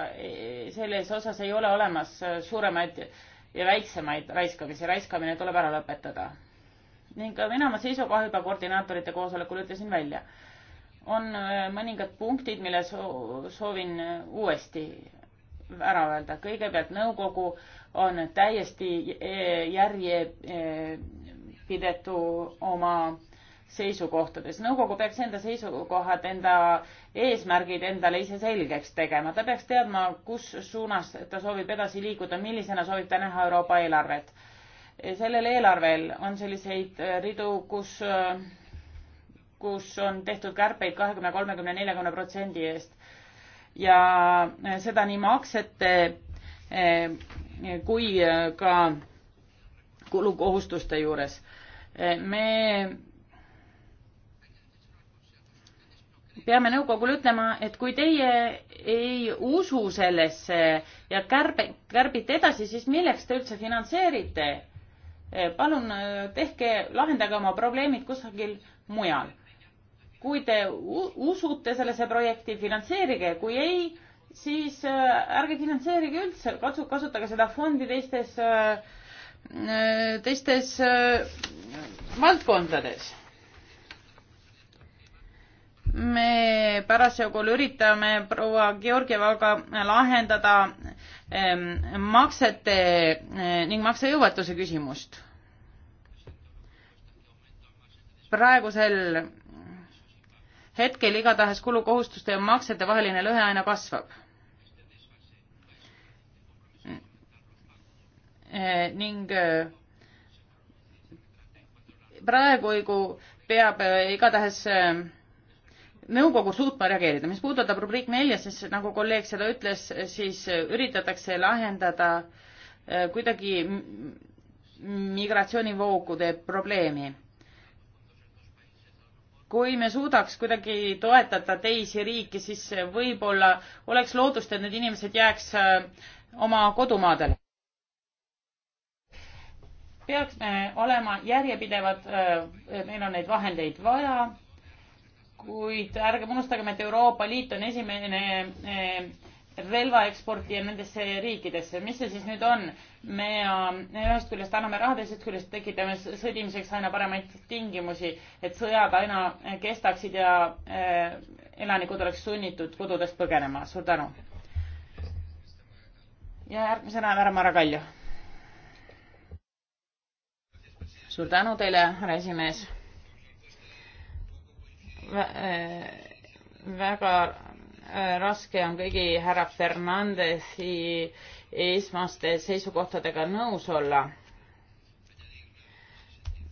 S2: selles osas ei ole olemas suuremaid ja väiksemaid raiskamisi, raiskamine tuleb ära lõpetada. ning mina oma seisukoha juba koordinaatorite koosolekul ütlesin välja on äh, mõningad punktid, mille soovin äh, uuesti ära öelda. kõigepealt nõukogu on täiesti järjepidetu äh, oma seisukohtades. nõukogu peaks enda seisukohad, enda eesmärgid endale ise selgeks tegema. ta peaks teadma, kus suunas ta soovib edasi liikuda, millisena soovib ta näha Euroopa eelarvet. sellel eelarvel on selliseid ridu, kus kus on tehtud kärpeid kahekümne, kolmekümne, neljakümne protsendi eest. ja e, seda nii maksete e, e, kui ka kulukohustuste juures. me peame nõukogule ütlema, et kui teie ei usu sellesse ja kärbe, kärbite edasi, siis milleks te üldse finantseerite? palun tehke, lahendage oma probleemid kusagil mujal kui te usute sellesse projekti, finantseerige, kui ei, siis äh, ärge finantseerige üldse, katsu-, kasutage seda fondi teistes, äh, äh, teistes valdkondades. me parasjagu üritame proua Georgievaga lahendada ähm, maksete ning maksejõuetuse küsimust. praegusel hetkel igatahes kulukohustuste ja maksete vaheline lõhe aina kasvab. ning eh, praegu peab eh, igatahes eh, nõukogu suutma reageerida. mis puudutab rubriik nelja, siis nagu kolleeg seda ütles, siis üritatakse lahendada kuidagi migratsioonivoogude probleemi kui me suudaks kuidagi toetada teisi riike, siis võib-olla oleks lootust, et need inimesed jääks äh, oma kodumaadele. peaksime olema järjepidevad, äh, meil on neid vahendeid vaja, kuid ärgem unustagem, et Euroopa Liit on esimene äh, relvaeksporti ja nendesse riikidesse. mis see siis nüüd on? me äh, ühest küljest anname raha, teisest küljest tekitame sõdimiseks aina paremaid tingimusi, et sõjad aina äh, kestaksid ja äh, elanikud oleks sunnitud kodudest põgenema. suur tänu. ja järgmisena härra Mara Kalju. suur tänu teile, härra esimees. väga Äh, raske on kõigi härra Fernandesi esmaste seisukohtadega nõus olla.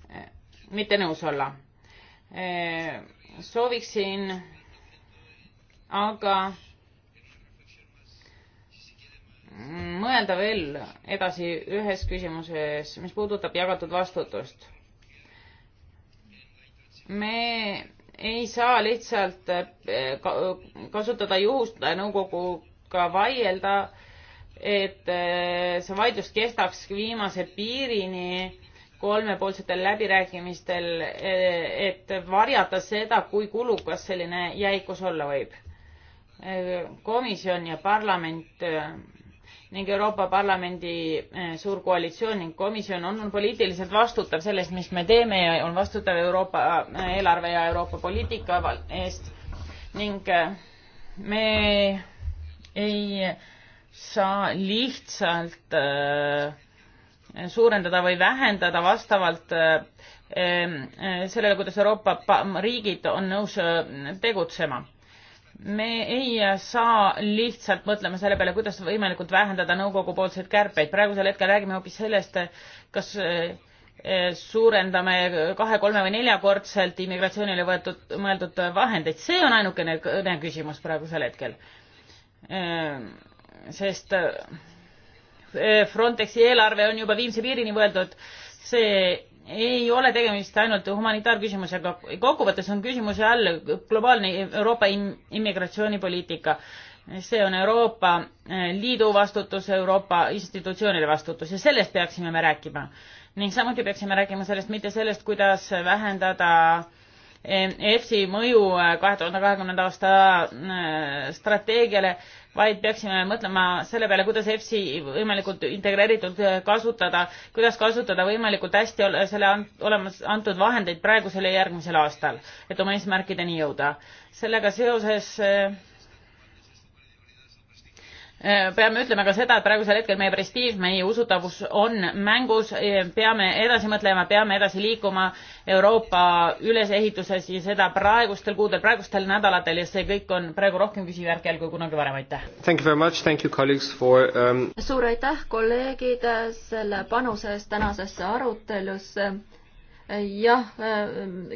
S2: Äh, mitte nõus olla. Äh, sooviksin aga mõelda veel edasi ühes küsimuses, mis puudutab jagatud vastutust. me ei saa lihtsalt eh, kasutada juhust nõukoguga vaielda, et eh, see vaidlus kestaks viimase piirini kolmepoolsetel läbirääkimistel, eh, et varjata seda, kui kulukas selline jäikus olla võib. komisjon ja parlament ning Euroopa Parlamendi eh, suur koalitsioon ning komisjon on poliitiliselt vastutav sellest, mis me teeme ja on vastutav Euroopa eh, eelarve ja Euroopa poliitika eest ning eh, me ei saa lihtsalt suurendada või vähendada vastavalt sellele, kuidas Euroopa riigid on nõus tegutsema me ei saa lihtsalt mõtlema selle peale, kuidas võimalikult vähendada nõukogu poolseid kärpeid, praegusel hetkel räägime hoopis sellest, kas eh, suurendame kahe, kolme või neljakordselt immigratsioonile võetud, mõeldud vahendeid, see on ainukene küsimus praegusel hetkel. Eh, sest eh, Frontexi eelarve on juba viimse piirini mõeldud, see ei ole tegemist ainult humanitaarküsimusega, kokkuvõttes on küsimuse all globaalne Euroopa immigratsioonipoliitika. see on Euroopa eh, Liidu vastutus, Euroopa institutsioonide vastutus ja sellest peaksime me rääkima. ning samuti peaksime rääkima sellest, mitte sellest, kuidas vähendada äh, EFSI mõju äh, kahe tuhande kahekümnenda aasta äh, strateegiale, vaid peaksime mõtlema selle peale, kuidas EFSI võimalikult integreeritult äh, kasutada, kuidas kasutada võimalikult hästi selle olemas antud vahendeid praegusel ja järgmisel aastal, et oma eesmärkideni jõuda. sellega seoses Äh, peame ütlema ka seda, et praegusel hetkel meie prestiiž, meie usutavus on mängus, äh, peame edasi mõtlema, peame edasi liikuma Euroopa ülesehituses ja seda praegustel kuudel, praegustel nädalatel ja see kõik on praegu rohkem küsimärgi all kui kunagi varem, aitäh! Um...
S1: suur aitäh, kolleegid, selle panuse eest tänasesse arutelusse jah,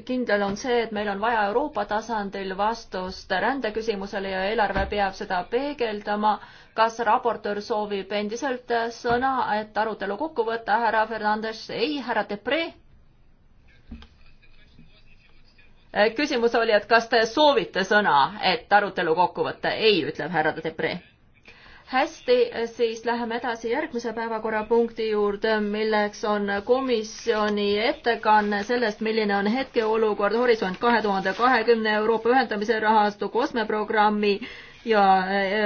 S1: kindel on see, et meil on vaja Euroopa tasandil vastust rändeküsimusele ja eelarve peab seda peegeldama kas raportöör soovib endiselt äh, sõna, et arutelu kokku võtta, härra Fernandes? ei, härra Depree? Äh, küsimus oli, et kas te soovite sõna, et arutelu kokku võtta? ei, ütleb härra Depree. hästi, siis läheme edasi järgmise päevakorrapunkti juurde, milleks on komisjoni ettekanne sellest, milline on hetkeolukord Horisont kahe tuhande kahekümne Euroopa ühendamise rahastu kosmeprogrammi ja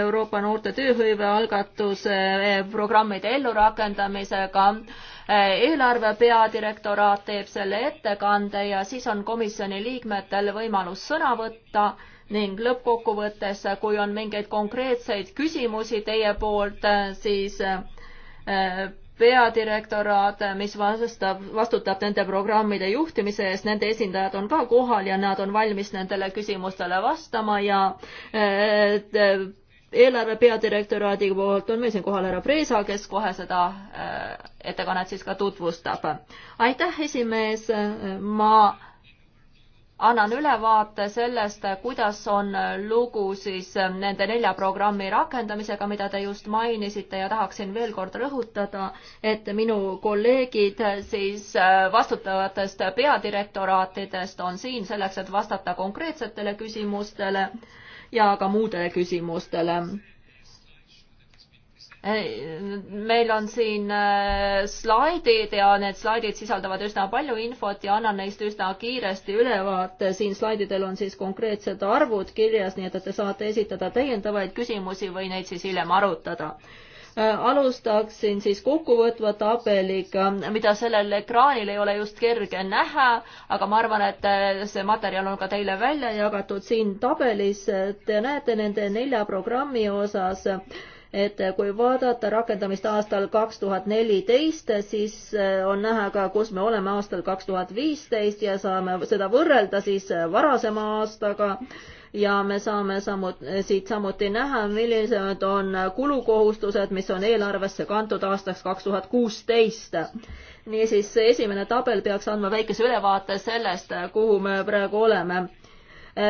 S1: Euroopa noorte tööhõive algatuse eh, programmide ellurakendamisega. Eh, eelarve peadirektoraat teeb selle ettekande ja siis on komisjoni liikmetel võimalus sõna võtta ning lõppkokkuvõttes, kui on mingeid konkreetseid küsimusi teie poolt, eh, siis peadirektoraat, mis vastab, vastutab nende programmide juhtimise eest, nende esindajad on ka kohal ja nad on valmis nendele küsimustele vastama ja eh, eh, eelarve peadirektoraadi poolt on meil siin kohal härra Preesa, kes kohe seda eh, ettekannet siis ka tutvustab. aitäh, esimees, ma annan ülevaate sellest, kuidas on lugu siis nende nelja programmi rakendamisega, mida te just mainisite ja tahaksin veel kord rõhutada, et minu kolleegid siis vastutavatest peadirektoraatidest on siin selleks, et vastata konkreetsetele küsimustele ja ka muudele küsimustele meil on siin äh, slaidid ja need slaidid sisaldavad üsna palju infot ja annan neist üsna kiiresti ülevaate. siin slaididel on siis konkreetsed arvud kirjas, nii et, et te saate esitada täiendavaid küsimusi või neid siis hiljem arutada. Äh, alustaksin siis kokkuvõtva tabeliga, mida sellel ekraanil ei ole just kerge näha, aga ma arvan, et äh, see materjal on ka teile välja jagatud. siin tabelis te näete nende nelja programmi osas et kui vaadata rakendamist aastal kaks tuhat neliteist, siis äh, on näha ka, kus me oleme aastal kaks tuhat viisteist ja saame seda võrrelda siis äh, varasema aastaga ja me saame samut-, siit samuti näha, millised on kulukohustused, mis on eelarvesse kantud aastaks kaks tuhat kuusteist niisiis esimene tabel peaks andma väikese ülevaate sellest, äh, kuhu me praegu oleme.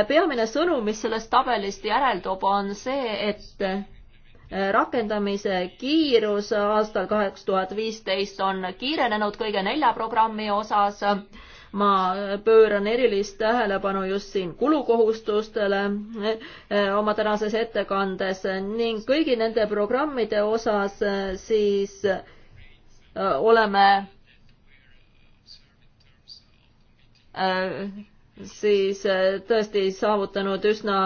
S1: peamine sõnum, mis sellest tabelist järeldub, on see, et rakendamise kiirus aastal kaks tuhat viisteist on kiirenenud kõige nelja programmi osas. ma pööran erilist tähelepanu just siin kulukohustustele eh, oma tänases ettekandes ning kõigi nende programmide osas eh, siis eh, oleme siis äh, tõesti saavutanud üsna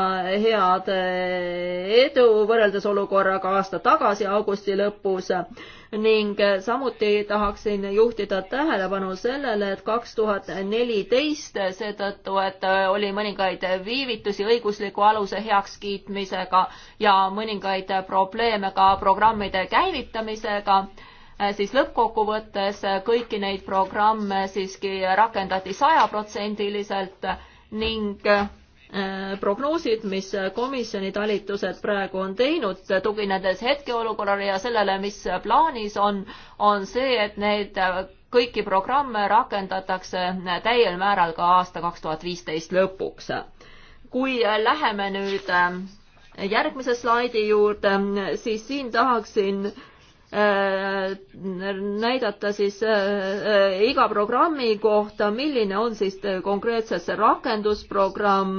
S1: head äh, edu võrreldes olukorraga aasta tagasi augusti lõpus ning äh, samuti tahaksin juhtida tähelepanu sellele, et kaks tuhat neliteist seetõttu, et oli mõningaid viivitusi õigusliku aluse heakskiitmisega ja mõningaid probleeme ka programmide käivitamisega Äh, siis lõppkokkuvõttes äh, kõiki neid programme siiski rakendati sajaprotsendiliselt ning äh, prognoosid, mis komisjoni talitused praegu on teinud, tuginedes hetkeolukorrale ja sellele, mis plaanis on, on see, et need kõiki programme rakendatakse täiel määral ka aasta kaks tuhat viisteist lõpuks. kui läheme nüüd järgmise slaidi juurde, siis siin tahaksin Äh, näidata siis äh, äh, iga programmi kohta, milline on siis konkreetselt see rakendusprogramm,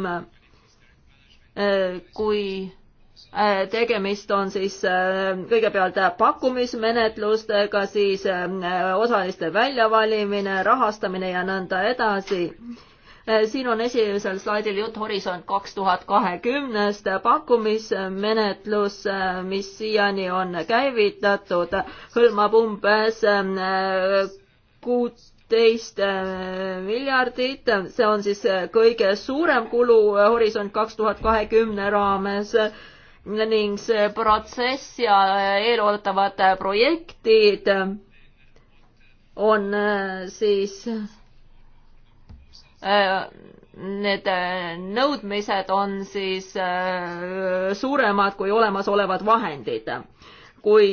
S1: kui tegemist on siis kõigepealt pakkumismenetlustega, siis osaliste väljavalimine, rahastamine ja nõnda edasi. Eh, siin on esimesel slaidil jutt Horisont kaks tuhat kahekümnest pakkumismenetlus, eh, mis siiani on käivitatud, hõlmab umbes eh, kuuteist miljardit, see on siis kõige suurem kulu Horisont kaks tuhat kahekümne raames ning see protsess ja eelootavad projektid on siis Äh, need äh, nõudmised on siis äh, suuremad kui olemasolevad vahendid. kui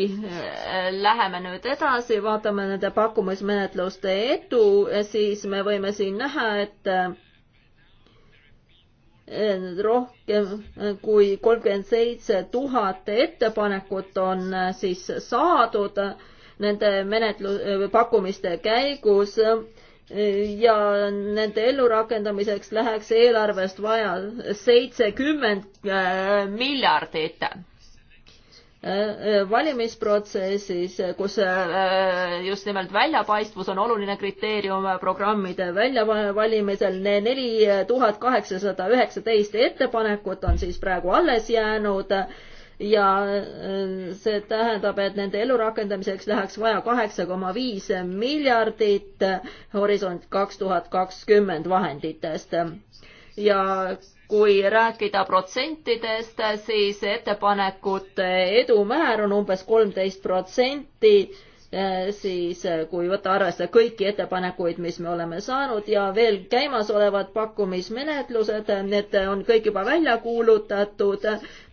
S1: läheme nüüd edasi, vaatame nende pakkumismenetluste edu, siis me võime siin näha, et rohkem kui kolmkümmend seitse tuhat ettepanekut on siis saadud nende menetlu-, pakkumiste käigus ja nende ellurakendamiseks läheks eelarvest vaja seitsekümmend äh, miljardit. Äh, valimisprotsessis, kus äh, just nimelt väljapaistvus on oluline kriteerium programmide väljavalimisel, neli tuhat kaheksasada üheksateist ettepanekut on siis praegu alles jäänud ja äh, see tähendab, et nende ellurakendamiseks läheks vaja kaheksa koma viis miljardit äh, Horisont kaks tuhat kakskümmend vahenditest. ja kui rääkida protsentidest, siis ettepanekute edumäär on umbes kolmteist protsenti Äh, siis äh, kui võtta arvesse kõiki ettepanekuid, mis me oleme saanud ja veel käimasolevad pakkumismenetlused, need on kõik juba välja kuulutatud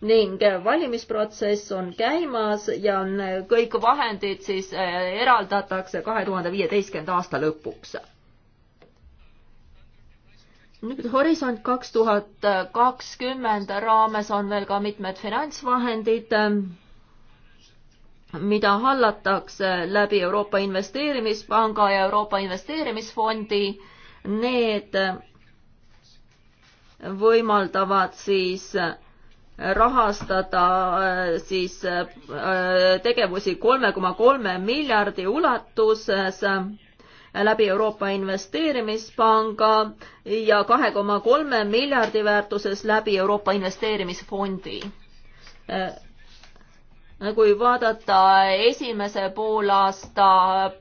S1: ning valimisprotsess on käimas ja äh, kõik vahendid siis eraldatakse kahe tuhande viieteistkümnenda aasta lõpuks nüüd Horisont kaks tuhat kakskümmend raames on veel ka mitmed finantsvahendid mida hallatakse läbi Euroopa Investeerimispanga ja Euroopa Investeerimisfondi, need võimaldavad siis rahastada siis äh, tegevusi kolme koma kolme miljardi ulatuses läbi Euroopa Investeerimispanga ja kahe koma kolme miljardi väärtuses läbi Euroopa Investeerimisfondi. Äh, kui vaadata esimese poolaasta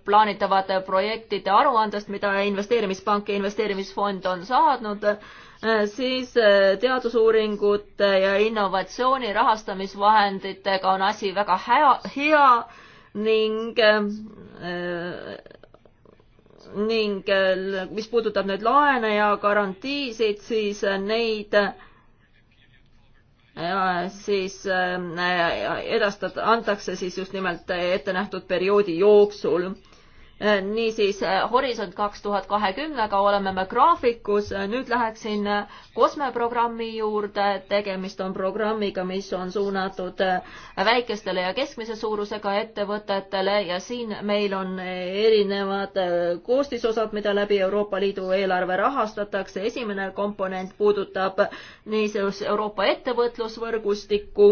S1: plaanitavate projektide aruandest, mida investeerimispank ja investeerimisfond on saadnud, siis äh, teadusuuringute ja innovatsiooni rahastamisvahenditega on asi väga hea, hea ning äh, ning äh, mis puudutab nüüd laene ja garantiisid, siis neid äh, Ja siis äh, edastat-, antakse siis just nimelt ette nähtud perioodi jooksul Äh, niisiis äh, Horisont kaks tuhat kahekümnega oleme me graafikus, äh, nüüd läheksin COSME programmi juurde, tegemist on programmiga, mis on suunatud väikestele ja keskmise suurusega ettevõtetele ja siin meil on erinevad koostisosad, mida läbi Euroopa Liidu eelarve rahastatakse, esimene komponent puudutab niisiis Euroopa ettevõtlusvõrgustikku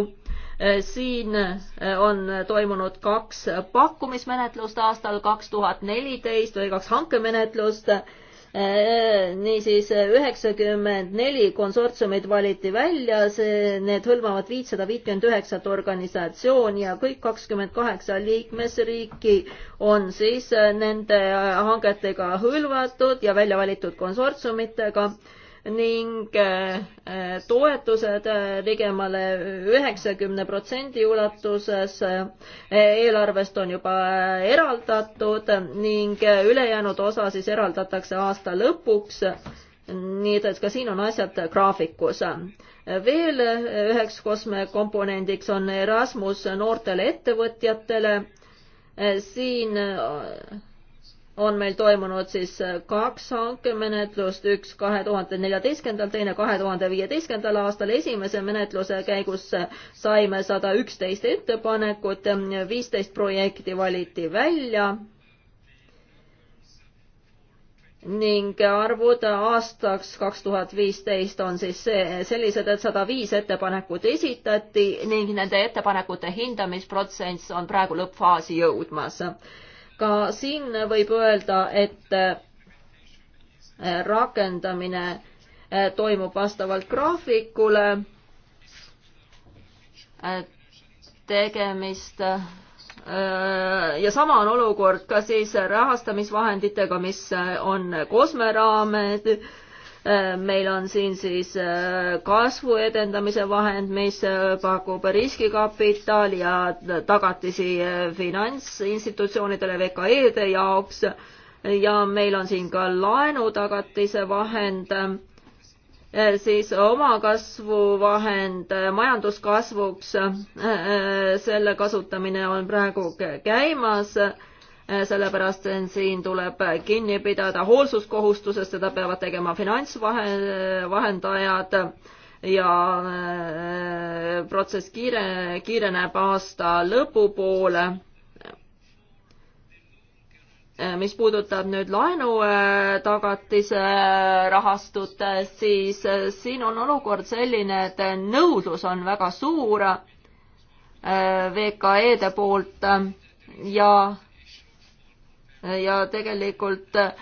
S1: Äh, siin äh, on toimunud kaks pakkumismenetlust aastal kaks tuhat neliteist või kaks hankemenetlust. Äh, niisiis üheksakümmend neli konsortsiumit valiti välja, see, need hõlmavad viitsada viitkümmend üheksat organisatsiooni ja kõik kakskümmend kaheksa liikmesriiki on siis nende hangetega hõlvatud ja välja valitud konsortsiumitega ning äh, toetused äh, ligemale üheksakümne protsendi ulatuses äh, eelarvest on juba eraldatud ning ülejäänud osa siis eraldatakse aasta lõpuks. nii et, et ka siin on asjad graafikus. veel üheks kosmekomponendiks on Erasmus noortele ettevõtjatele siin on meil toimunud siis kaks hankemenetlust, üks kahe tuhande neljateistkümnendal, teine kahe tuhande viieteistkümnendal aastal. esimese menetluse käigus saime sada üksteist ettepanekut, viisteist projekti valiti välja ning arvud aastaks kaks tuhat viisteist on siis see, sellised, et sada viis ettepanekut esitati ning nende ettepanekute hindamisprotsess on praegu lõppfaasi jõudmas ka siin võib öelda, et äh, rakendamine äh, toimub vastavalt graafikule. Äh, tegemist ja sama on olukord ka siis rahastamisvahenditega, mis on kosmeraamed Äh, meil on siin siis äh, kasvu edendamise vahend, mis äh, pakub riskikapitali ja tagatisi finantsinstitutsioonidele VKE-de jaoks ja meil on siin ka laenutagatise vahend, siis omakasvu vahend majanduskasvuks, selle kasutamine on praegu käimas Äh, sellepärast siin tuleb kinni pidada hoolsuskohustusest, seda peavad tegema finantsvahendajad ja äh, protsess kiire, kiireneb aasta lõpupoole. Äh, mis puudutab nüüd laenutagatise rahastut, siis siin on olukord selline, et nõudlus on väga suur VKE-de poolt ja ja tegelikult äh,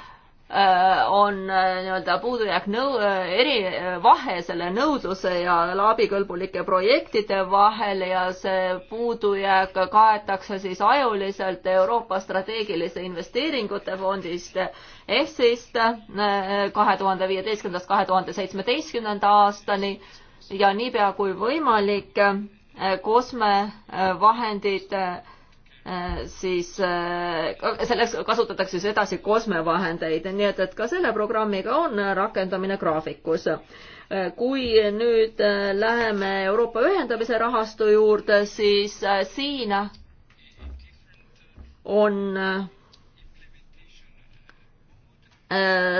S1: on äh, nii-öelda puudujääk nõu-, äh, eri, vahe selle nõudluse ja abikõlbulike projektide vahel ja see puudujääk kaetakse siis ajuliselt Euroopa strateegilise investeeringute fondist EFSist kahe tuhande viieteistkümnendast kahe tuhande seitsmeteistkümnenda aastani ja niipea kui võimalik, kosme vahendid Äh, siis äh, selleks kasutatakse siis edasi kosmevahendeid, nii et, et ka selle programmiga on rakendamine graafikus. Äh, kui nüüd läheme Euroopa ühendamise rahastu juurde, siis siin on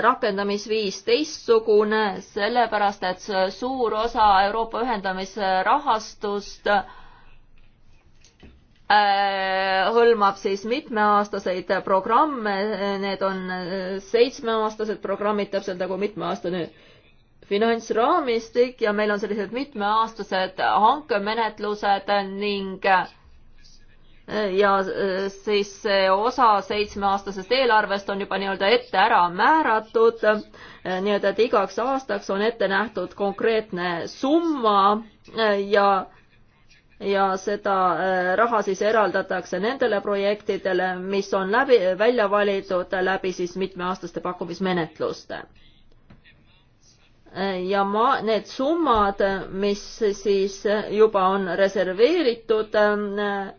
S1: rakendamisviis teistsugune, sellepärast et suur osa Euroopa ühendamise rahastust äh, Äh, hõlmab siis mitmeaastaseid programme, need on äh, seitsmeaastased programmid, täpselt nagu mitmeaastane finantsraamistik ja meil on sellised mitmeaastased hankemenetlused ning äh, ja siis see osa seitsmeaastasest eelarvest on juba nii-öelda ette ära määratud, nii-öelda, et igaks aastaks on ette nähtud konkreetne summa ja ja seda äh, raha siis eraldatakse nendele projektidele, mis on läbi, välja valitud läbi siis mitmeaastaste pakkumismenetluste. Äh, ja ma, need summad, mis siis juba on reserveeritud, äh,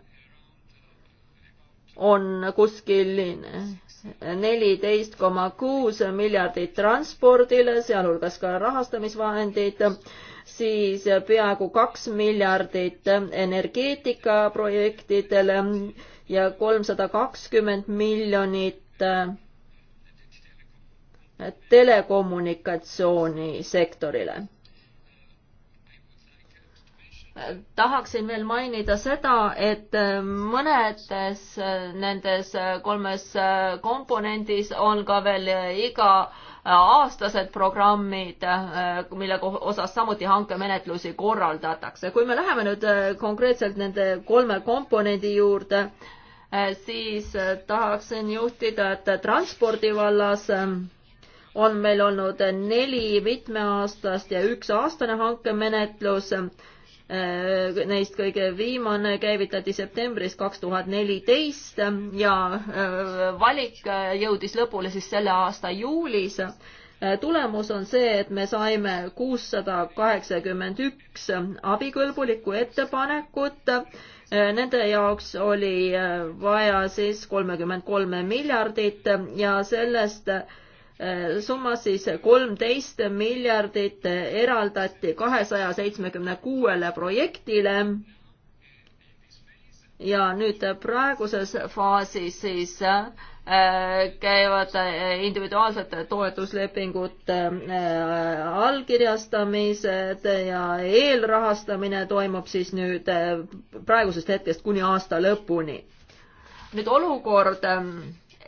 S1: on kuskil neliteist koma kuus miljardit transpordile, sealhulgas ka rahastamisvahendid siis peaaegu kaks miljardit energeetikaprojektidele ja kolmsada kakskümmend miljonit äh, telekommunikatsioonisektorile. tahaksin veel mainida seda, et äh, mõnedes äh, nendes kolmes komponendis on ka veel iga aastased programmid, äh, mille osas samuti hankemenetlusi korraldatakse. kui me läheme nüüd äh, konkreetselt nende kolme komponendi juurde, äh, siis tahaksin juhtida, et transpordi vallas on meil olnud neli mitmeaastast ja üks aastane hankemenetlus Äh, neist kõige viimane käivitati septembris kaks tuhat neliteist ja äh, valik äh, jõudis lõpule siis selle aasta juulis. tulemus on see, et me saime kuussada kaheksakümmend üks abikõlbulikku ettepanekut. Nende jaoks oli vaja siis kolmekümmend kolme miljardit ja sellest summas siis kolmteist miljardit eraldati kahesaja seitsmekümne kuuele projektile. ja nüüd praeguses faasis siis äh, käivad äh, individuaalsete toetuslepingute äh, allkirjastamised ja eelrahastamine toimub siis nüüd praegusest hetkest kuni aasta lõpuni. nüüd olukord ähm,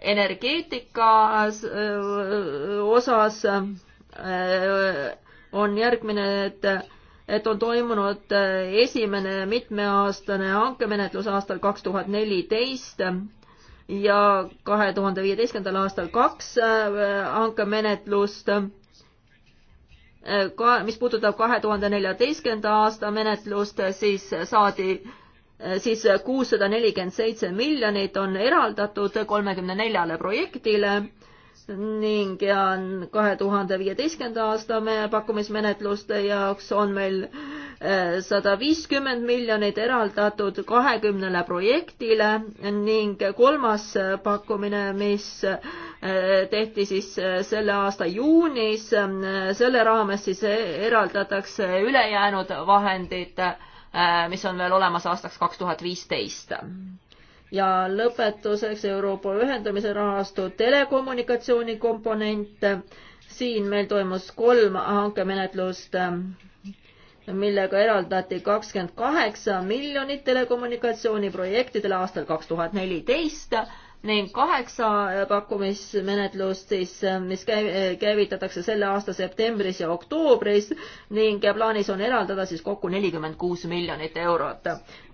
S1: energeetika äh, osas äh, on järgmine, et, et on toimunud äh, esimene mitmeaastane hankemenetlus aastal kaks tuhat neliteist ja kahe tuhande viieteistkümnendal aastal kaks hankemenetlust ka, mis puudutab kahe tuhande neljateistkümnenda aasta menetlust, siis saadi Äh, siis kuussada nelikümmend seitse miljonit on eraldatud kolmekümne neljale projektile ning ja kahe tuhande viieteistkümnenda aasta pakkumismenetluste jaoks on meil äh, sada viiskümmend miljonit eraldatud kahekümnele projektile ning kolmas äh, pakkumine, mis tehti siis selle aasta juunis, selle raames siis eraldatakse ülejäänud vahendid Äh, mis on veel olemas aastaks kaks tuhat viisteist ja lõpetuseks Euroopa ühendamise rahastu telekommunikatsiooni komponent. siin meil toimus kolm hankemenetlust, millega eraldati kakskümmend kaheksa miljonit telekommunikatsiooniprojektidele aastal kaks tuhat neliteist ning kaheksa pakkumismenetlust siis, eh, mis eh, käivitatakse selle aasta septembris ja oktoobris ning plaanis on eraldada siis kokku nelikümmend kuus miljonit eurot.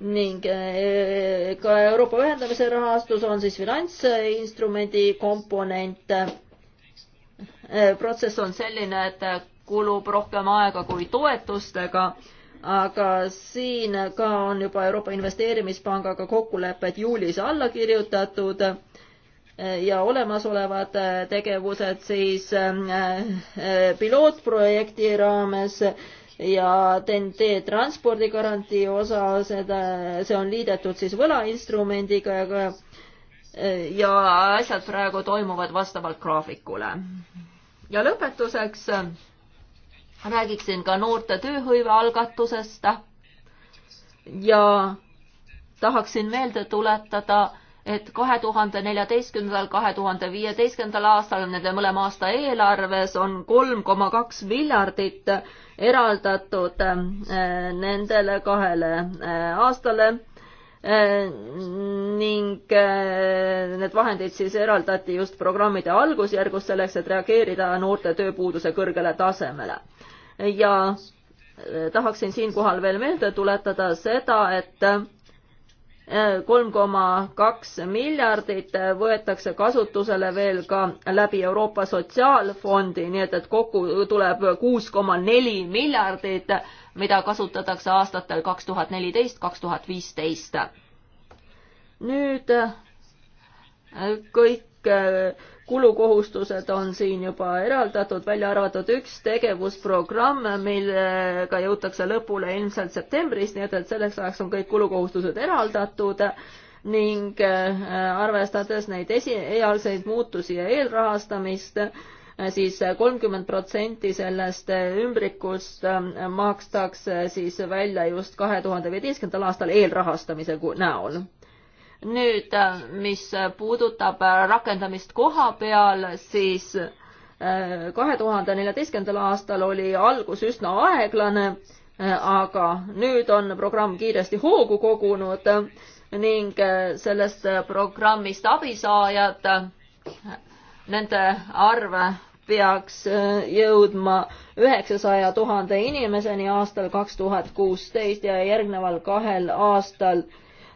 S1: ning eh, ka Euroopa ühendamise rahastus on siis finantsinstrumendi komponent. protsess on selline, et kulub rohkem aega kui toetustega aga siin ka on juba Euroopa Investeerimispangaga kokkulepped juulis alla kirjutatud ja olemasolevad tegevused siis äh, pilootprojekti raames ja TNT transpordigarantii osa, seda, äh, see on liidetud siis võlainstrumendiga ja, äh, ja asjad praegu toimuvad vastavalt graafikule. ja lõpetuseks räägiksin ka noorte tööhõive algatusest ja tahaksin meelde tuletada, et kahe tuhande neljateistkümnendal, kahe tuhande viieteistkümnendal aastal nende mõlema aasta eelarves on kolm koma kaks miljardit eraldatud eh, nendele kahele eh, aastale Äh, ning äh, need vahendid siis eraldati just programmide algusjärgus selleks, et reageerida noorte tööpuuduse kõrgele tasemele. ja äh, tahaksin siinkohal veel meelde tuletada seda, et kolm koma kaks miljardit võetakse kasutusele veel ka läbi Euroopa Sotsiaalfondi, nii et, et kokku tuleb kuus koma neli miljardit, mida kasutatakse aastatel kaks tuhat neliteist, kaks tuhat viisteist. nüüd kõik kulukohustused on siin juba eraldatud, välja arvatud üks tegevusprogramm, millega jõutakse lõpule ilmselt septembris, nii et, et selleks ajaks on kõik kulukohustused eraldatud ning äh, arvestades neid esiealseid muutusi ja eelrahastamist, äh, siis kolmkümmend protsenti sellest ümbrikust äh, makstakse siis välja just kahe tuhande viieteistkümnendal aastal eelrahastamise näol nüüd, äh, mis puudutab äh, rakendamist koha peal, siis äh, kahe tuhande neljateistkümnendal aastal oli algus üsna aeglane, aga nüüd on programm kiiresti hoogu kogunud ning sellest programmist abisaajad, nende arv peaks jõudma üheksasaja tuhande inimeseni aastal kaks tuhat kuusteist ja järgneval kahel aastal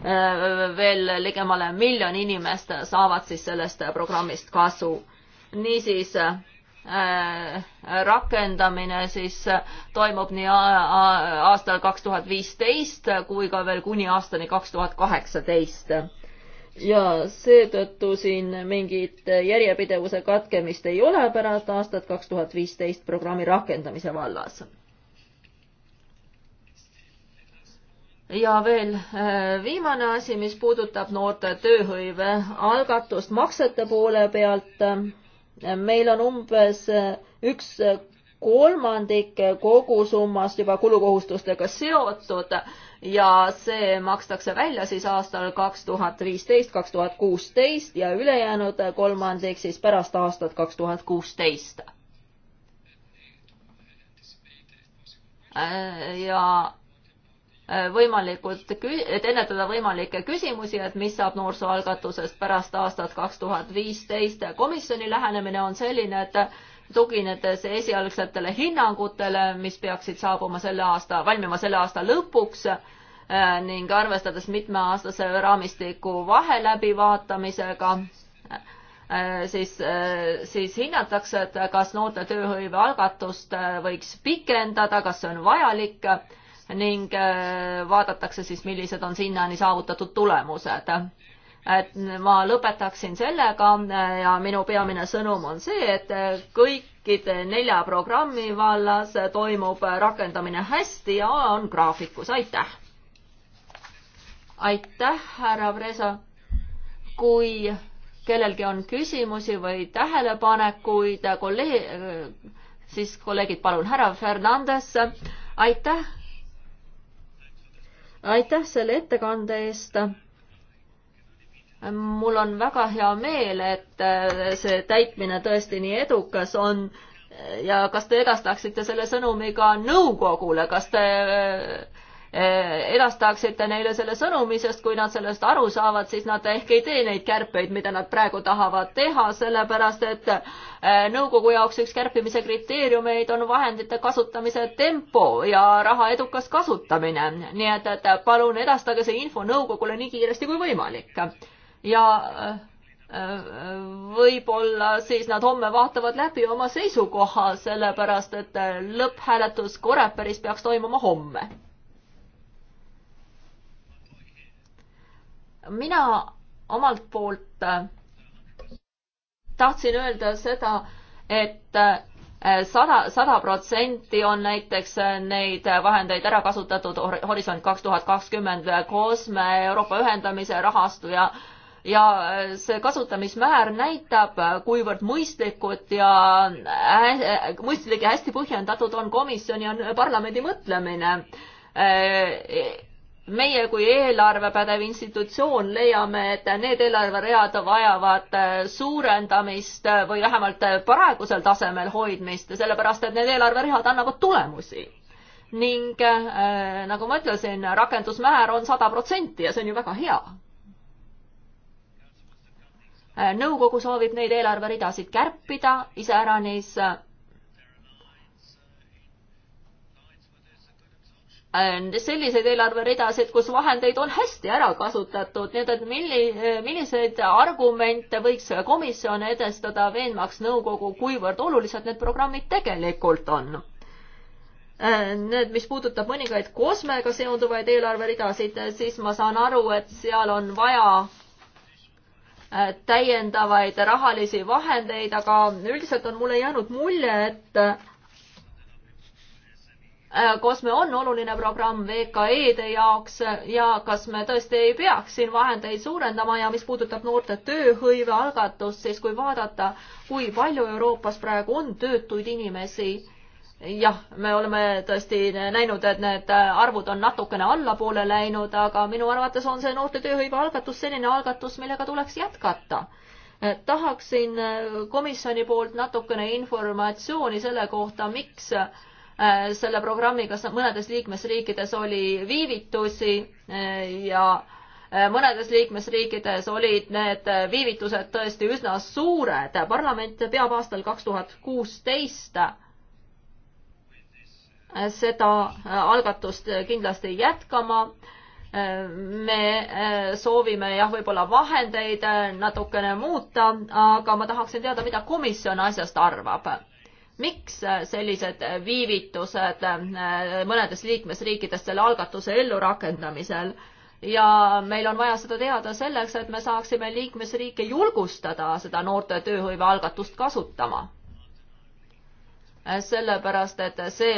S1: Äh, veel ligemale miljon inimest saavad siis sellest programmist kasu. niisiis äh, rakendamine siis toimub nii aastal kaks tuhat viisteist kui ka veel kuni aastani kaks tuhat kaheksateist. ja seetõttu siin mingit järjepidevuse katkemist ei ole pärast aastat kaks tuhat viisteist programmi rakendamise vallas ja veel äh, viimane asi, mis puudutab noorte tööhõive algatust maksete poole pealt. Äh, meil on umbes äh, üks kolmandik kogusummast juba kulukohustustega seotud ja see makstakse välja siis aastal kaks tuhat viisteist, kaks tuhat kuusteist ja ülejäänud kolmandik siis pärast aastat kaks tuhat kuusteist. ja Äh, võimalikult, et ennetada võimalikke küsimusi, et mis saab noorsooalgatusest pärast aastat kaks tuhat viisteist. komisjoni lähenemine on selline, et tuginedes esialgsetele hinnangutele, mis peaksid saabuma selle aasta, valmima selle aasta lõpuks äh, ning arvestades mitmeaastase raamistiku vahe läbivaatamisega, äh, siis, siis hinnatakse, et kas noorte tööhõive algatust võiks pikendada, kas see on vajalik ning äh, vaadatakse siis, millised on sinnani saavutatud tulemused. et ma lõpetaksin sellega äh, ja minu peamine sõnum on see, et äh, kõikide nelja programmi vallas toimub rakendamine hästi ja on graafikus, aitäh! aitäh, härra Vresa! kui kellelgi on küsimusi või tähelepanekuid, kolleeg, siis kolleegid, palun, härra Fernandes, aitäh! aitäh selle ettekande eest. mul on väga hea meel, et äh, see täitmine tõesti nii edukas on ja kas te edastaksite selle sõnumi ka nõukogule, kas te äh, Eh, edastaksite neile selle sõnumi, sest kui nad sellest aru saavad, siis nad ehk ei tee neid kärpeid, mida nad praegu tahavad teha, sellepärast et eh, nõukogu jaoks üks kärpimise kriteeriumeid on vahendite kasutamise tempo ja raha edukas kasutamine. nii et, et palun edastage see info nõukogule nii kiiresti kui võimalik. ja eh, võib-olla siis nad homme vaatavad läbi oma seisukoha, sellepärast et lõpphääletus Koreperis peaks toimuma homme mina omalt poolt äh, tahtsin öelda seda, et äh, sada, sada protsenti on näiteks äh, neid vahendeid ära kasutatud Horisont kaks tuhat kakskümmend koosme Euroopa ühendamise rahastu ja ja see kasutamismäär näitab, kuivõrd mõistlikud ja äh, mõistlik ja hästi põhjendatud on komisjoni ja parlamendi mõtlemine äh, meie kui eelarvepädev institutsioon leiame, et need eelarveread vajavad äh, suurendamist äh, või vähemalt äh, praegusel tasemel hoidmist, sellepärast et need eelarveread annavad tulemusi. ning äh, nagu ma ütlesin, rakendusmäär on sada protsenti ja see on ju väga hea. nõukogu soovib neid eelarveridasid kärpida iseäranis selliseid eelarveridasid, kus vahendeid on hästi ära kasutatud, nii et milli, eh, milliseid argumente võiks komisjon edestada veenmaks nõukogu, kuivõrd olulised need programmid tegelikult on? Need, mis puudutab mõningaid kosmega seonduvaid eelarveridasid, siis ma saan aru, et seal on vaja eh, täiendavaid rahalisi vahendeid, aga üldiselt on mulle jäänud mulje, et Äh, kas me on oluline programm VKE-de jaoks ja kas me tõesti ei peaks siin vahendeid suurendama ja mis puudutab noorte tööhõive algatust, siis kui vaadata, kui palju Euroopas praegu on töötuid inimesi, jah, me oleme tõesti näinud, et need arvud on natukene allapoole läinud, aga minu arvates on see noorte tööhõive algatus selline algatus, millega tuleks jätkata tahaksin komisjoni poolt natukene informatsiooni selle kohta, miks äh, Äh, selle programmiga mõnedes liikmesriikides oli viivitusi äh, ja äh, mõnedes liikmesriikides olid need viivitused tõesti üsna suured. parlament peab aastal kaks tuhat kuusteist seda algatust kindlasti jätkama me soovime jah, võib-olla vahendeid natukene muuta, aga ma tahaksin teada, mida komisjon asjast arvab miks äh, sellised äh, viivitused äh, mõnedes liikmesriikides selle algatuse ellurakendamisel ja meil on vaja seda teada selleks, et me saaksime liikmesriike julgustada seda noorte tööhõive algatust kasutama. sellepärast, et see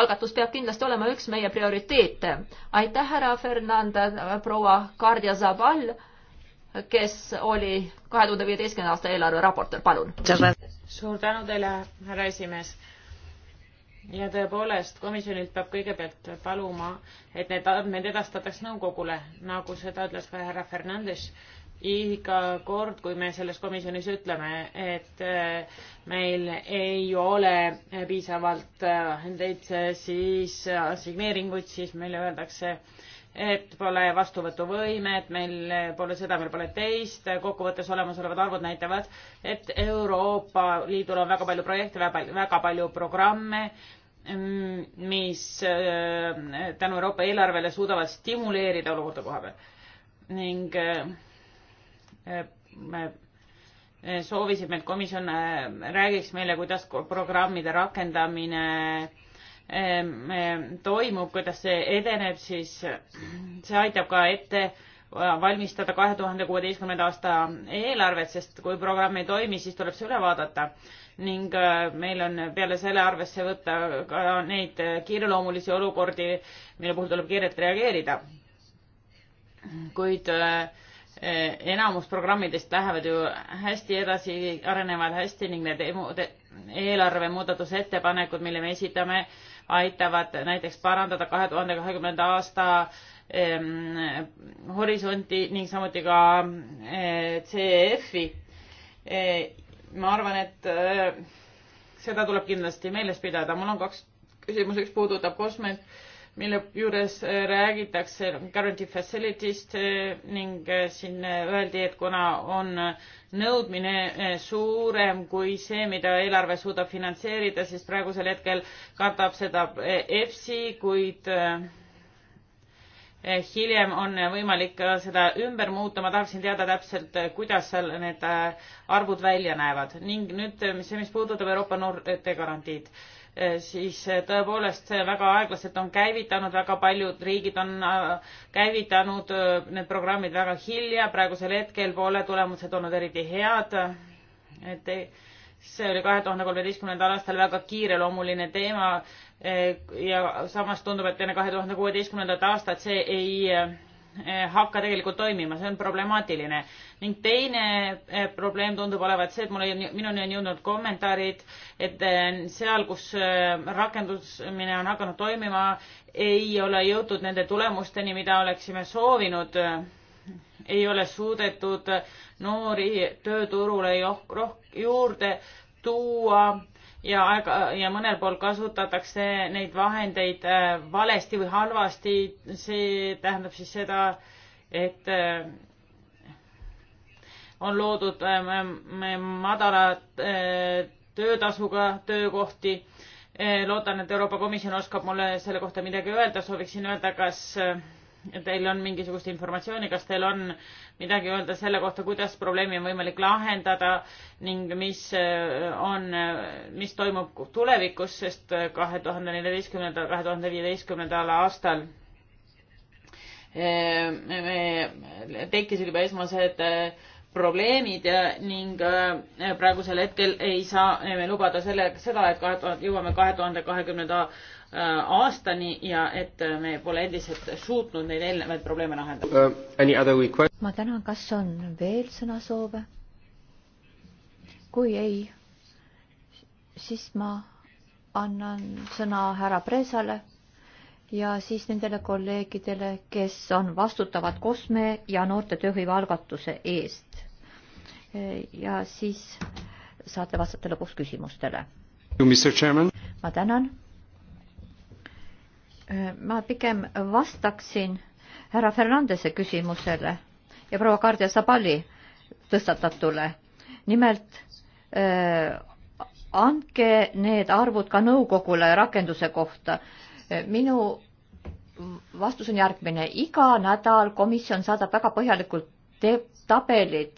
S1: algatus peab kindlasti olema üks meie prioriteete. aitäh, härra Fernanda, proua Kardia Zabal kes oli kahe tuhande viieteistkümnenda aasta eelarve raportöör, palun.
S2: suur tänu teile, härra esimees. ja tõepoolest, komisjonilt peab kõigepealt paluma, et need andmed edastataks nõukogule, nagu seda ütles ka härra Fernandes. iga kord, kui me selles komisjonis ütleme, et äh, meil ei ole piisavalt vahendeid, äh, siis äh, assigneeringuid, siis meile öeldakse, et pole vastuvõtuvõimet, meil pole seda, meil pole teist, kokkuvõttes olemasolevad arvud näitavad, et Euroopa Liidul on väga palju projekte, väga palju programme, mm, mis äh, tänu Euroopa eelarvele suudavad stimuleerida olukorda koha peal. ning äh, me soovisime, et komisjon äh, räägiks meile, kuidas programmide rakendamine toimub, kuidas see edeneb, siis see aitab ka ette äh, valmistada kahe tuhande kuueteistkümnenda aasta eelarvet, sest kui programm ei toimi, siis tuleb see üle vaadata. ning äh, meil on peale selle arvesse võtta ka neid kiireloomulisi olukordi, mille puhul tuleb kiirelt reageerida. kuid äh, enamus programmidest lähevad ju hästi edasi, arenevad hästi ning need eelarve muudatusettepanekud, mille me esitame, aitavad näiteks parandada kahe tuhande kahekümnenda aasta ehm, horisonti ning samuti ka eh, CEF-i eh,. ma arvan, et eh, seda tuleb kindlasti meeles pidada. mul on kaks küsimus, üks puudutab kosmet mille juures äh, räägitakse guarantee facility'st äh, ning äh, siin öeldi, et kuna on nõudmine suurem kui see, mida eelarve suudab finantseerida, siis praegusel hetkel katab seda EFSI, kuid hiljem on võimalik seda ümber muuta, ma tahaksin teada täpselt, kuidas seal need arvud välja näevad ning nüüd see, mis puudutab Euroopa noorte garantiid Eh, siis eh, tõepoolest see väga aeglaselt on käivitanud, väga paljud riigid on eh, käivitanud need programmid väga hilja, praegusel hetkel pole tulemused olnud eriti head. et see oli kahe tuhande kolmeteistkümnendal aastal väga kiireloomuline teema ja samas tundub, et enne kahe tuhande kuueteistkümnendat aastat see ei Eh, hakka tegelikult toimima, see on problemaatiline. ning teine eh, probleem tundub olevat see, et mul on, minuni on jõudnud kommentaarid, et eh, seal, kus rakendusmine on hakanud toimima, ei ole jõutud nende tulemusteni, mida oleksime soovinud. ei ole suudetud noori tööturule juurde tuua ja aega ja mõnel pool kasutatakse neid vahendeid äh, valesti või halvasti, see tähendab siis seda, et äh, on loodud äh, madala töötasuga töökohti. loodan, et Euroopa Komisjon oskab mulle selle kohta midagi öelda, sooviksin öelda, kas teil on mingisugust informatsiooni, kas teil on midagi öelda selle kohta, kuidas probleemi on võimalik lahendada ning mis äh, on, mis toimub tulevikus, sest kahe tuhande neljateistkümnendal, kahe tuhande viieteistkümnendal aastal äh, tekkisid juba esmased äh, probleemid ja ning praegusel hetkel ei saa me lubada selle, seda, et kahe tuhande, jõuame kahe tuhande kahekümnenda Äh, aastani ja et me pole endiselt suutnud neid eelnevaid probleeme lahendada
S3: uh,. ma tänan, kas on veel sõnasoove? kui ei, siis ma annan sõna härra Presale ja siis nendele kolleegidele, kes on vastutavad kosme ja noorte tööhõive algatuse eest. ja siis saate vastata lõpuks küsimustele. ma tänan ma pigem vastaksin härra Fernandese küsimusele ja proua Kardia Sabali tõstatatule. nimelt äh, andke need arvud ka nõukogule rakenduse kohta. Äh, minu vastus on järgmine. iga nädal komisjon saadab väga põhjalikult tabelid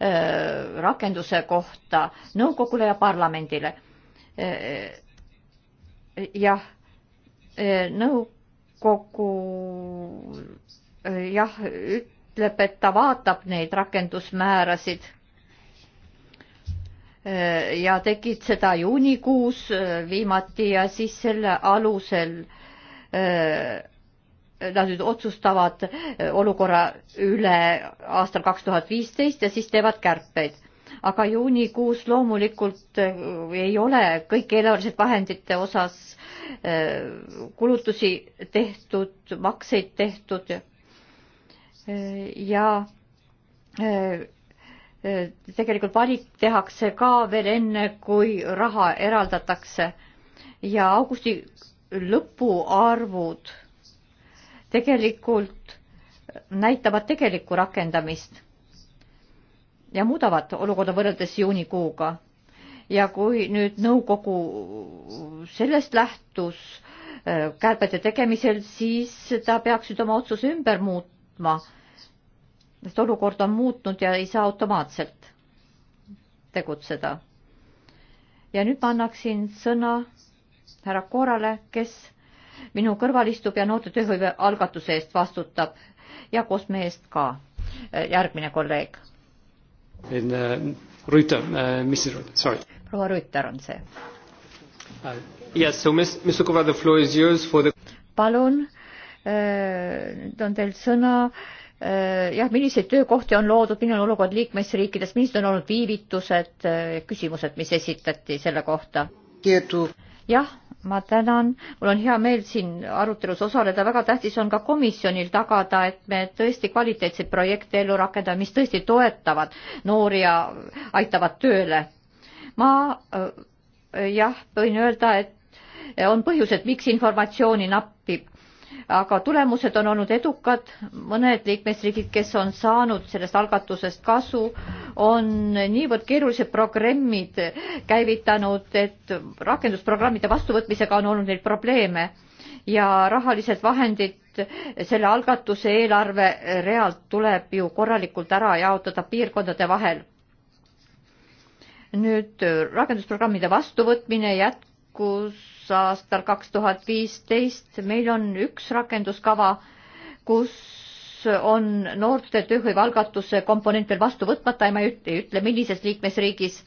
S3: äh, rakenduse kohta nõukogule ja parlamendile äh,. jah Eh, nõukogu eh, jah, ütleb, et ta vaatab neid rakendusmäärasid. Eh, ja tegid seda juunikuus viimati ja siis selle alusel nad nüüd otsustavad olukorra üle aastal kaks tuhat viisteist ja siis teevad kärpeid aga juunikuus loomulikult äh, ei ole kõik eelarvelised vahendite osas äh, kulutusi tehtud, makseid tehtud ja äh, tegelikult valik tehakse ka veel enne, kui raha eraldatakse ja augusti lõpuarvud tegelikult näitavad tegelikku rakendamist ja muudavad olukorda võrreldes juunikuuga. ja kui nüüd nõukogu sellest lähtus äh, kärbete tegemisel, siis ta peaks nüüd oma otsuse ümber muutma, sest olukord on muutnud ja ei saa automaatselt tegutseda. ja nüüd ma annaksin sõna härra Koorale, kes minu kõrval istub ja noorte tööhõive algatuse eest vastutab ja koos meie eest ka äh, järgmine kolleeg
S1: in uh, Ruta, uh, Mrs. Ruta, sorry.
S3: proua Ruter on see
S1: uh,. Yes, so Ms, Ms Sukova, the floor is yours for the.
S3: palun uh,, nüüd on teil sõna uh,. jah, milliseid töökohti on loodud, milline on olukord liikmesriikides, millised on olnud viivitused uh,, küsimused, mis esitati selle kohta? jah, ma tänan, mul on hea meel siin arutelus osaleda, väga tähtis on ka komisjonil tagada, et me tõesti kvaliteetseid projekte ellu rakendame, mis tõesti toetavad noori ja aitavad tööle. ma äh, jah, võin öelda, et on põhjused, miks informatsiooni nappib aga tulemused on olnud edukad, mõned liikmesriigid, kes on saanud sellest algatusest kasu, on niivõrd keerulised programmid käivitanud, et rakendusprogrammide vastuvõtmisega on olnud neil probleeme ja rahalised vahendid selle algatuse eelarve realt tuleb ju korralikult ära jaotada piirkondade vahel. nüüd rakendusprogrammide vastuvõtmine jätkus aastal kaks tuhat viisteist meil on üks rakenduskava, kus on noorte tööhõive algatuse komponent veel vastu võtmata ja ma ei ütle, ei ütle, millises liikmesriigis.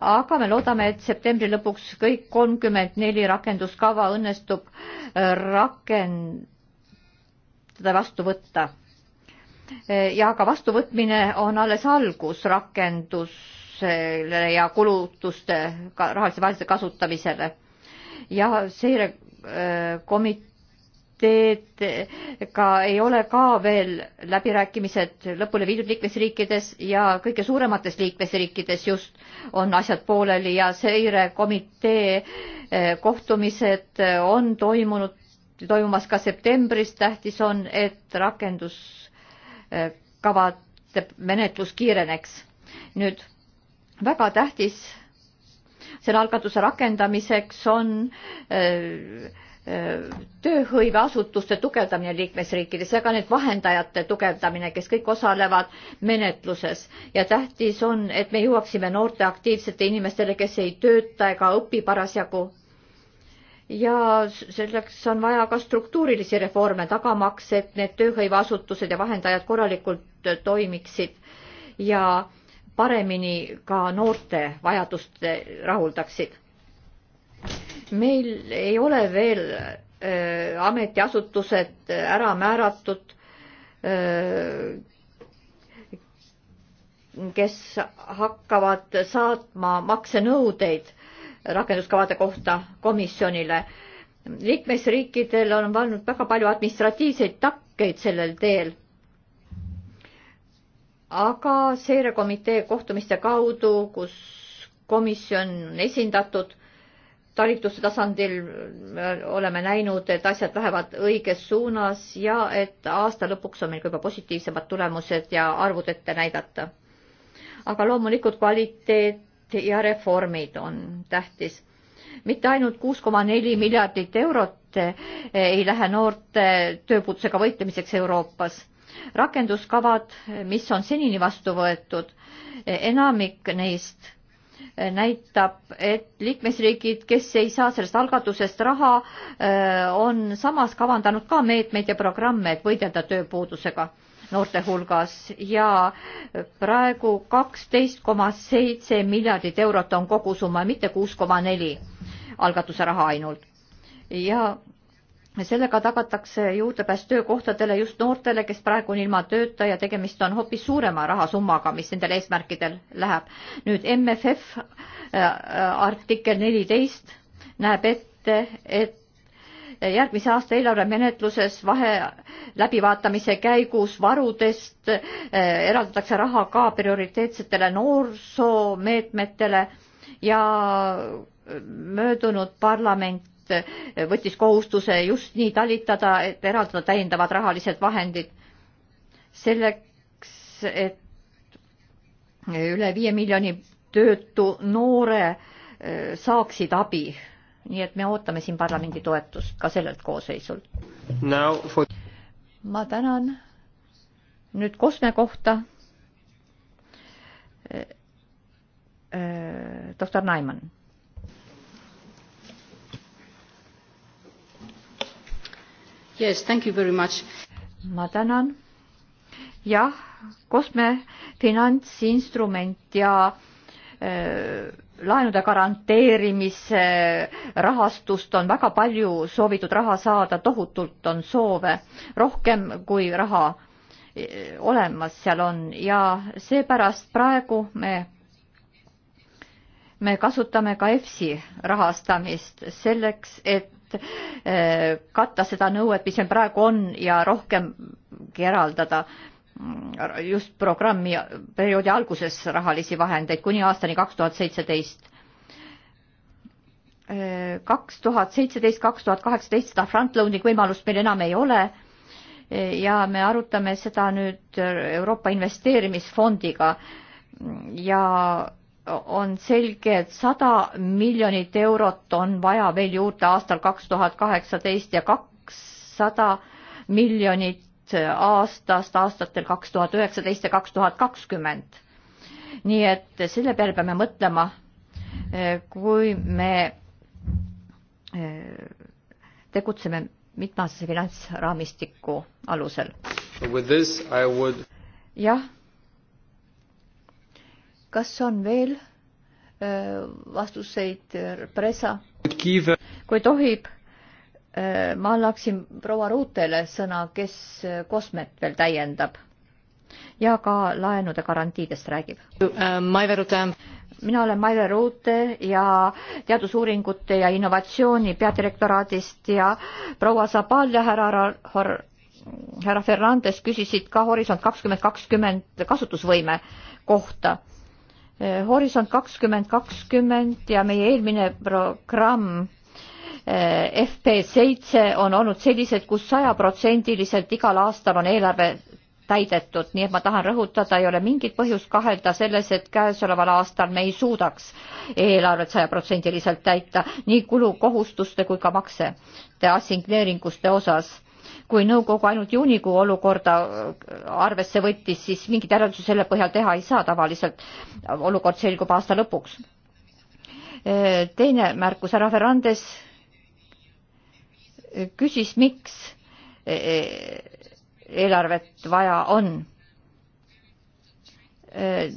S3: aga me loodame, et septembri lõpuks kõik kolmkümmend neli rakenduskava õnnestub äh, rakendada, vastu võtta. Äh, ja ka vastuvõtmine on alles algus rakendus ja kulutuste, rahalise vaesuse kasutamisele ja seirekomiteedega äh, äh, ei ole ka veel läbirääkimised lõpule viidud liikmesriikides ja kõige suuremates liikmesriikides just on asjad pooleli ja seirekomitee äh, kohtumised on toimunud, toimumas ka septembris, tähtis on, et rakenduskavade menetlus kiireneks. nüüd väga tähtis selle algatuse rakendamiseks on äh, äh, tööhõiveasutuste tugevdamine liikmesriikides ja ka need vahendajate tugevdamine, kes kõik osalevad menetluses ja tähtis on, et me jõuaksime noorte aktiivsete inimestele, kes ei tööta ega õpi parasjagu. ja selleks on vaja ka struktuurilisi reforme, tagamaks, et need tööhõiveasutused ja vahendajad korralikult äh, toimiksid ja äh, paremini ka noorte vajadust rahuldaksid. meil ei ole veel äh, ametiasutused ära määratud äh,, kes hakkavad saatma maksenõudeid rakenduskavade kohta komisjonile. liikmesriikidel on olnud väga palju administratiivseid takkeid sellel teel aga seirekomitee kohtumiste kaudu, kus komisjon on esindatud talituste tasandil, äh, oleme näinud, et asjad lähevad õiges suunas ja et aasta lõpuks on meil ka juba positiivsemad tulemused ja arvud ette näidata. aga loomulikult kvaliteet ja reformid on tähtis mitte ainult kuus koma neli miljardit eurot äh, ei lähe noorte tööpuudusega võitlemiseks Euroopas, rakenduskavad, mis on senini vastu võetud, enamik neist näitab, et liikmesriigid, kes ei saa sellest algatusest raha, on samas kavandanud ka meetmeid ja programme, et võidelda tööpuudusega noorte hulgas ja praegu kaksteist koma seitse miljardit eurot on kogusumma, mitte kuus koma neli algatuse raha ainult. ja sellega tagatakse juurdepääs töökohtadele just noortele, kes praegu on ilma tööta ja tegemist on hoopis suurema rahasummaga, mis nendel eesmärkidel läheb. nüüd MFF äh, äh, artikkel neliteist näeb ette, et järgmise aasta eelarve menetluses vahe läbivaatamise käigus varudest äh, eraldatakse raha ka prioriteetsetele noorsoomeetmetele ja möödunud parlament parlament võttis kohustuse just nii talitada, et eraldada täiendavad rahalised vahendid selleks, et üle viie miljoni töötu noore e, saaksid abi. nii et me ootame siin parlamendi toetust ka sellelt koosseisult. For... ma tänan. nüüd kosme kohta. E, e, doktor Naimann Yes, thank you very much. ma tänan. jah, kosme finantsinstrument ja öö, äh, laenude garanteerimise rahastust on väga palju soovitud raha saada, tohutult on soove, rohkem kui raha äh, olemas seal on ja seepärast praegu me, me kasutame ka EFSI rahastamist selleks, et et eh, katta seda nõuet, mis meil praegu on ja rohkemgi eraldada mm, just programmi perioodi alguses rahalisi vahendeid kuni aastani kaks tuhat seitseteist eh, kaks tuhat seitseteist, kaks tuhat kaheksateist seda front-loading võimalust meil enam ei ole eh, ja me arutame seda nüüd Euroopa Investeerimisfondiga mm, ja on selge, et sada miljonit eurot on vaja veel juurde aastal kaks tuhat kaheksateist ja kakssada miljonit aastast aastatel kaks tuhat üheksateist ja kaks tuhat kakskümmend. nii et selle peale peame mõtlema, kui me eh, tegutseme mitmeaastase finantsraamistiku alusel. jah kas on veel äh, vastuseid, äh, Presa? kui tohib, äh, ma annaksin proua Ruutele sõna, kes kosmet veel täiendab ja ka laenude garantiidest räägib. mina olen Maire Ruute ja teadusuuringute ja innovatsiooni peadirektoraadist ja proua Zabal ja härra härra Fernandes küsisid ka Horisont kakskümmend kakskümmend kasutusvõime kohta Eh, Horisont kakskümmend kakskümmend ja meie eelmine programm eh, FP seitse on olnud sellised kus, kus sajaprotsendiliselt igal aastal on eelarve täidetud, nii et ma tahan rõhutada, ei ole mingit põhjust kahelda selles, et käesoleval aastal me ei suudaks eelarvet sajaprotsendiliselt täita nii kulukohustuste kui ka maksete assigneeringuste osas kui nõukogu ainult juunikuu olukorda äh, arvesse võttis, siis mingit järeldusi selle põhjal teha ei saa, tavaliselt olukord selgub aasta lõpuks. Äh, teine märkus, härra Ferrandes äh, küsis, miks eelarvet vaja on.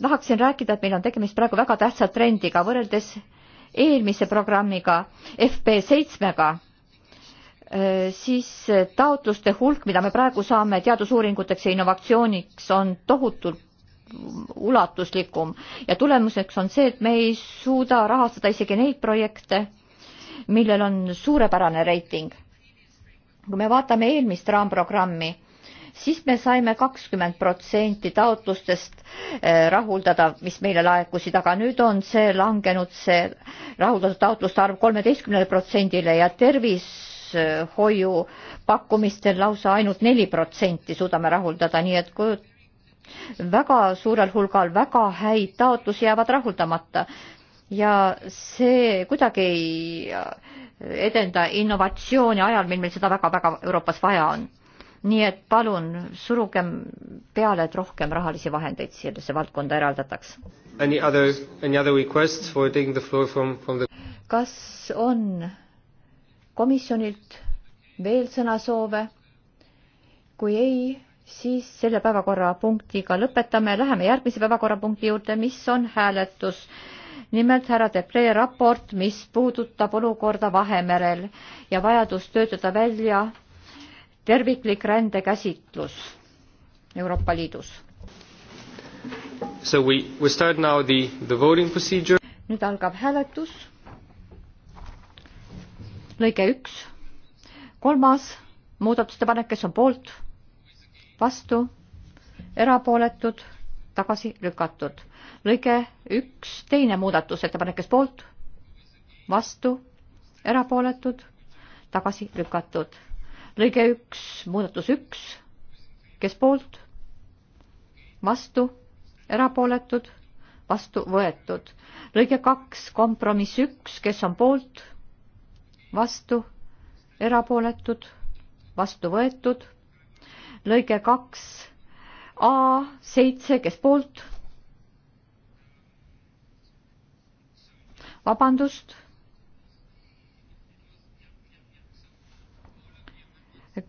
S3: tahaksin rääkida, et meil on tegemist praegu väga tähtsa trendiga võrreldes eelmise programmiga FP seitsmega Äh, siis äh, taotluste hulk, mida me praegu saame teadusuuringuteks ja innovatsiooniks, on tohutult ulatuslikum ja tulemuseks on see, et me ei suuda rahastada isegi neid projekte, millel on suurepärane reiting. kui me vaatame eelmist raamprogrammi, siis me saime kakskümmend protsenti taotlustest äh, rahuldada, mis meile laekusid, aga nüüd on see langenud see, see rahuldatud taotluste arv kolmeteistkümnele protsendile ja tervis tervishoiu pakkumistel lausa ainult neli protsenti suudame rahuldada, nii et kui väga suurel hulgal väga häid taotlusi jäävad rahuldamata ja see kuidagi ei edenda innovatsiooni ajal, mil meil seda väga-väga Euroopas vaja on. nii et palun surugem peale, et rohkem rahalisi vahendeid sellesse valdkonda eraldataks. The... kas on komisjonilt veel sõnasoove? kui ei, siis selle päevakorrapunktiga lõpetame, läheme järgmise päevakorrapunkti juurde, mis on hääletus. nimelt härra Debre raport, mis puudutab olukorda Vahemerel ja vajadust töötada välja terviklik rändekäsitlus Euroopa Liidus. So we, we start now the, the voting procedure. nüüd algab hääletus lõige üks, kolmas muudatusettepanek, kes on poolt, vastu, erapooletud, tagasi lükatud. lõige üks, teine muudatusettepanek, kes poolt, vastu, erapooletud, tagasi lükatud. lõige üks, muudatus üks, kes poolt, vastu, erapooletud, vastu võetud. lõige kaks, kompromiss üks, kes on poolt vastu, erapooletud, vastu võetud. lõige kaks A seitse, kes poolt? vabandust.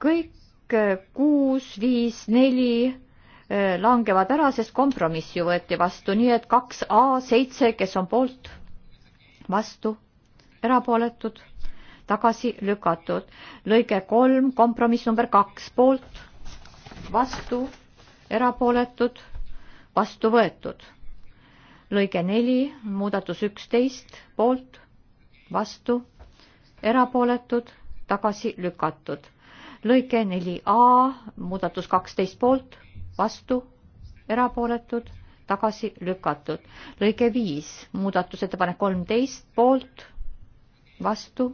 S3: kõik kuus, viis, neli eh, langevad ära, sest kompromiss ju võeti vastu, nii et kaks A seitse, kes on poolt, vastu, erapooletud, tagasi lükatud. lõige kolm, kompromiss number kaks poolt, vastu, erapooletud, vastu võetud. lõige neli, muudatus üksteist poolt, vastu, erapooletud, tagasi lükatud. lõige neli A, muudatus kaksteist poolt, vastu, erapooletud tagasi lükatud. lõige viis, muudatusettepanek kolmteist, poolt, vastu,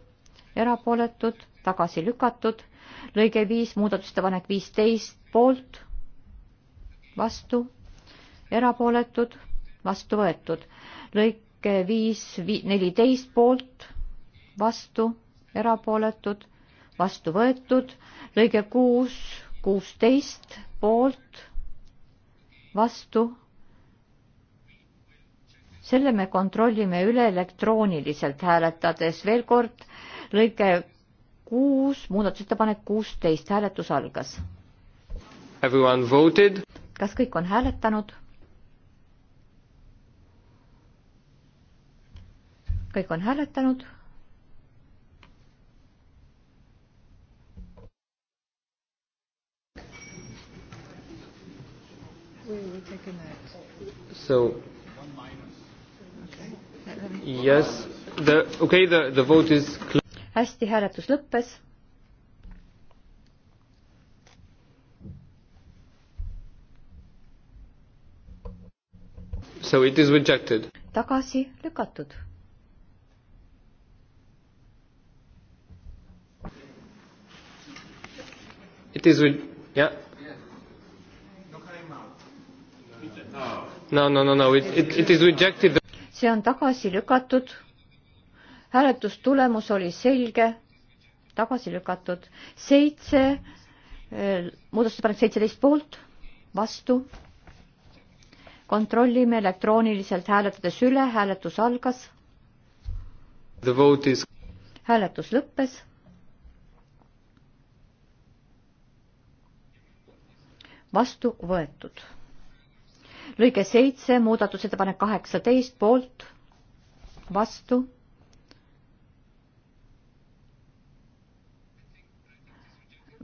S3: erapooletud, tagasi lükatud, lõige viis, muudatusettepanek viisteist, poolt, vastu, erapooletud, vastu võetud, lõike viis, neliteist poolt, vastu, erapooletud, vastu võetud, lõige kuus, kuusteist poolt, vastu selle me kontrollime üle elektrooniliselt hääletades. veel kord lõike kuus, muudatusettepanek kuusteist, hääletus algas. kas kõik on hääletanud? kõik on hääletanud So Yes, the, okay, the, the vote is hästi, hääletus lõppes. So it is rejected. tagasi lükatud.
S2: It is re-, jah yeah.. No, no, no, no, it, it, it is rejected
S3: see on tagasi lükatud. hääletustulemus oli selge, tagasi lükatud. seitse, äh, muudatusettepanek seitseteist poolt, vastu. kontrollime elektrooniliselt hääletades üle, hääletus algas. Is... hääletus lõppes. vastu võetud lõige seitse, muudatusettepanek kaheksateist, poolt, vastu.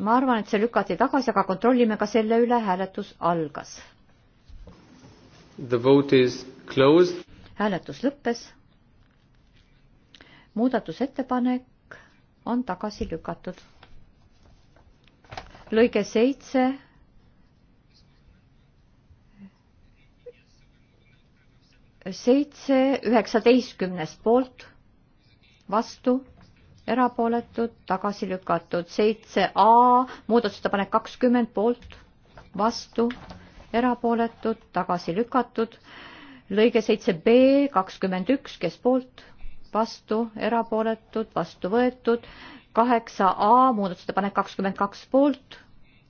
S3: ma arvan, et see lükati tagasi, aga kontrollime ka selle üle, hääletus algas. hääletus lõppes. muudatusettepanek on tagasi lükatud. lõige seitse seitse üheksateistkümnest poolt, vastu, erapooletud, tagasi lükatud, seitse A muudatusettepanek kakskümmend poolt, vastu, erapooletud, tagasi lükatud, lõige seitse B kakskümmend üks, kes poolt, vastu, erapooletud, vastu võetud, kaheksa A muudatusettepanek kakskümmend kaks poolt,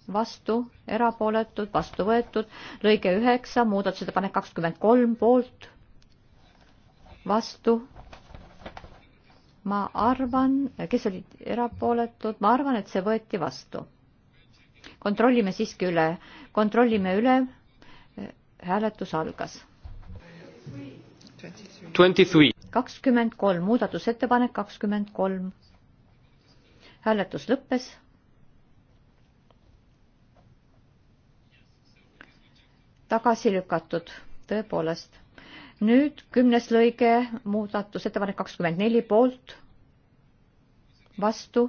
S3: vastu, erapooletud, vastu võetud, lõige üheksa muudatusettepanek kakskümmend kolm poolt vastu. ma arvan, kes olid erapooletud, ma arvan, et see võeti vastu. kontrollime siiski üle, kontrollime üle. hääletus algas. kakskümmend kolm, muudatusettepanek kakskümmend kolm. hääletus lõppes tagasi lükatud, tõepoolest nüüd kümnes lõige, muudatusettepanek kakskümmend neli poolt, vastu,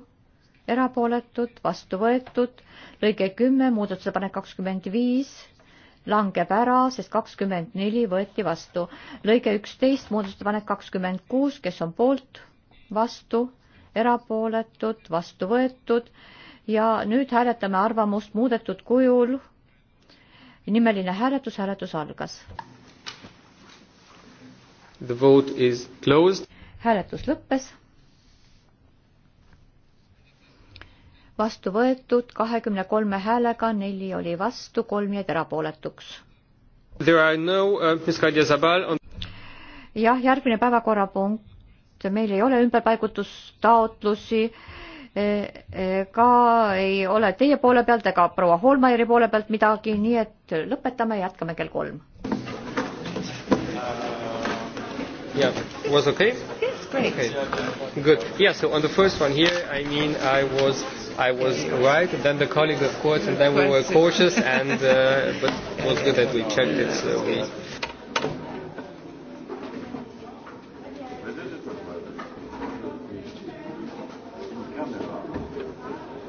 S3: erapooletud, vastu võetud, lõige kümme, muudatusettepanek kakskümmend viis, langeb ära, sest kakskümmend neli võeti vastu. lõige üksteist, muudatusettepanek kakskümmend kuus, kes on poolt, vastu, erapooletud, vastu võetud ja nüüd hääletame arvamust muudetud kujul. nimeline hääletus, hääletus algas
S2: The vote is
S3: closed. hääletus lõppes. vastu võetud kahekümne kolme häälega, neli oli vastu, kolm jäid erapooletuks.
S2: No, uh, on...
S3: jah, järgmine päevakorrapunkt. meil ei ole ümberpaigutustaotlusi e, e, ka ei ole teie poole pealt ega proua Holmeieri poole pealt midagi, nii et lõpetame, jätkame kell kolm Yeah, was okay? Yes, great. Okay. Good. Yeah, so on the first one here, I mean, I was I was right, then the colleague, of course, and then we were cautious, and uh, but it was good that we checked it, so we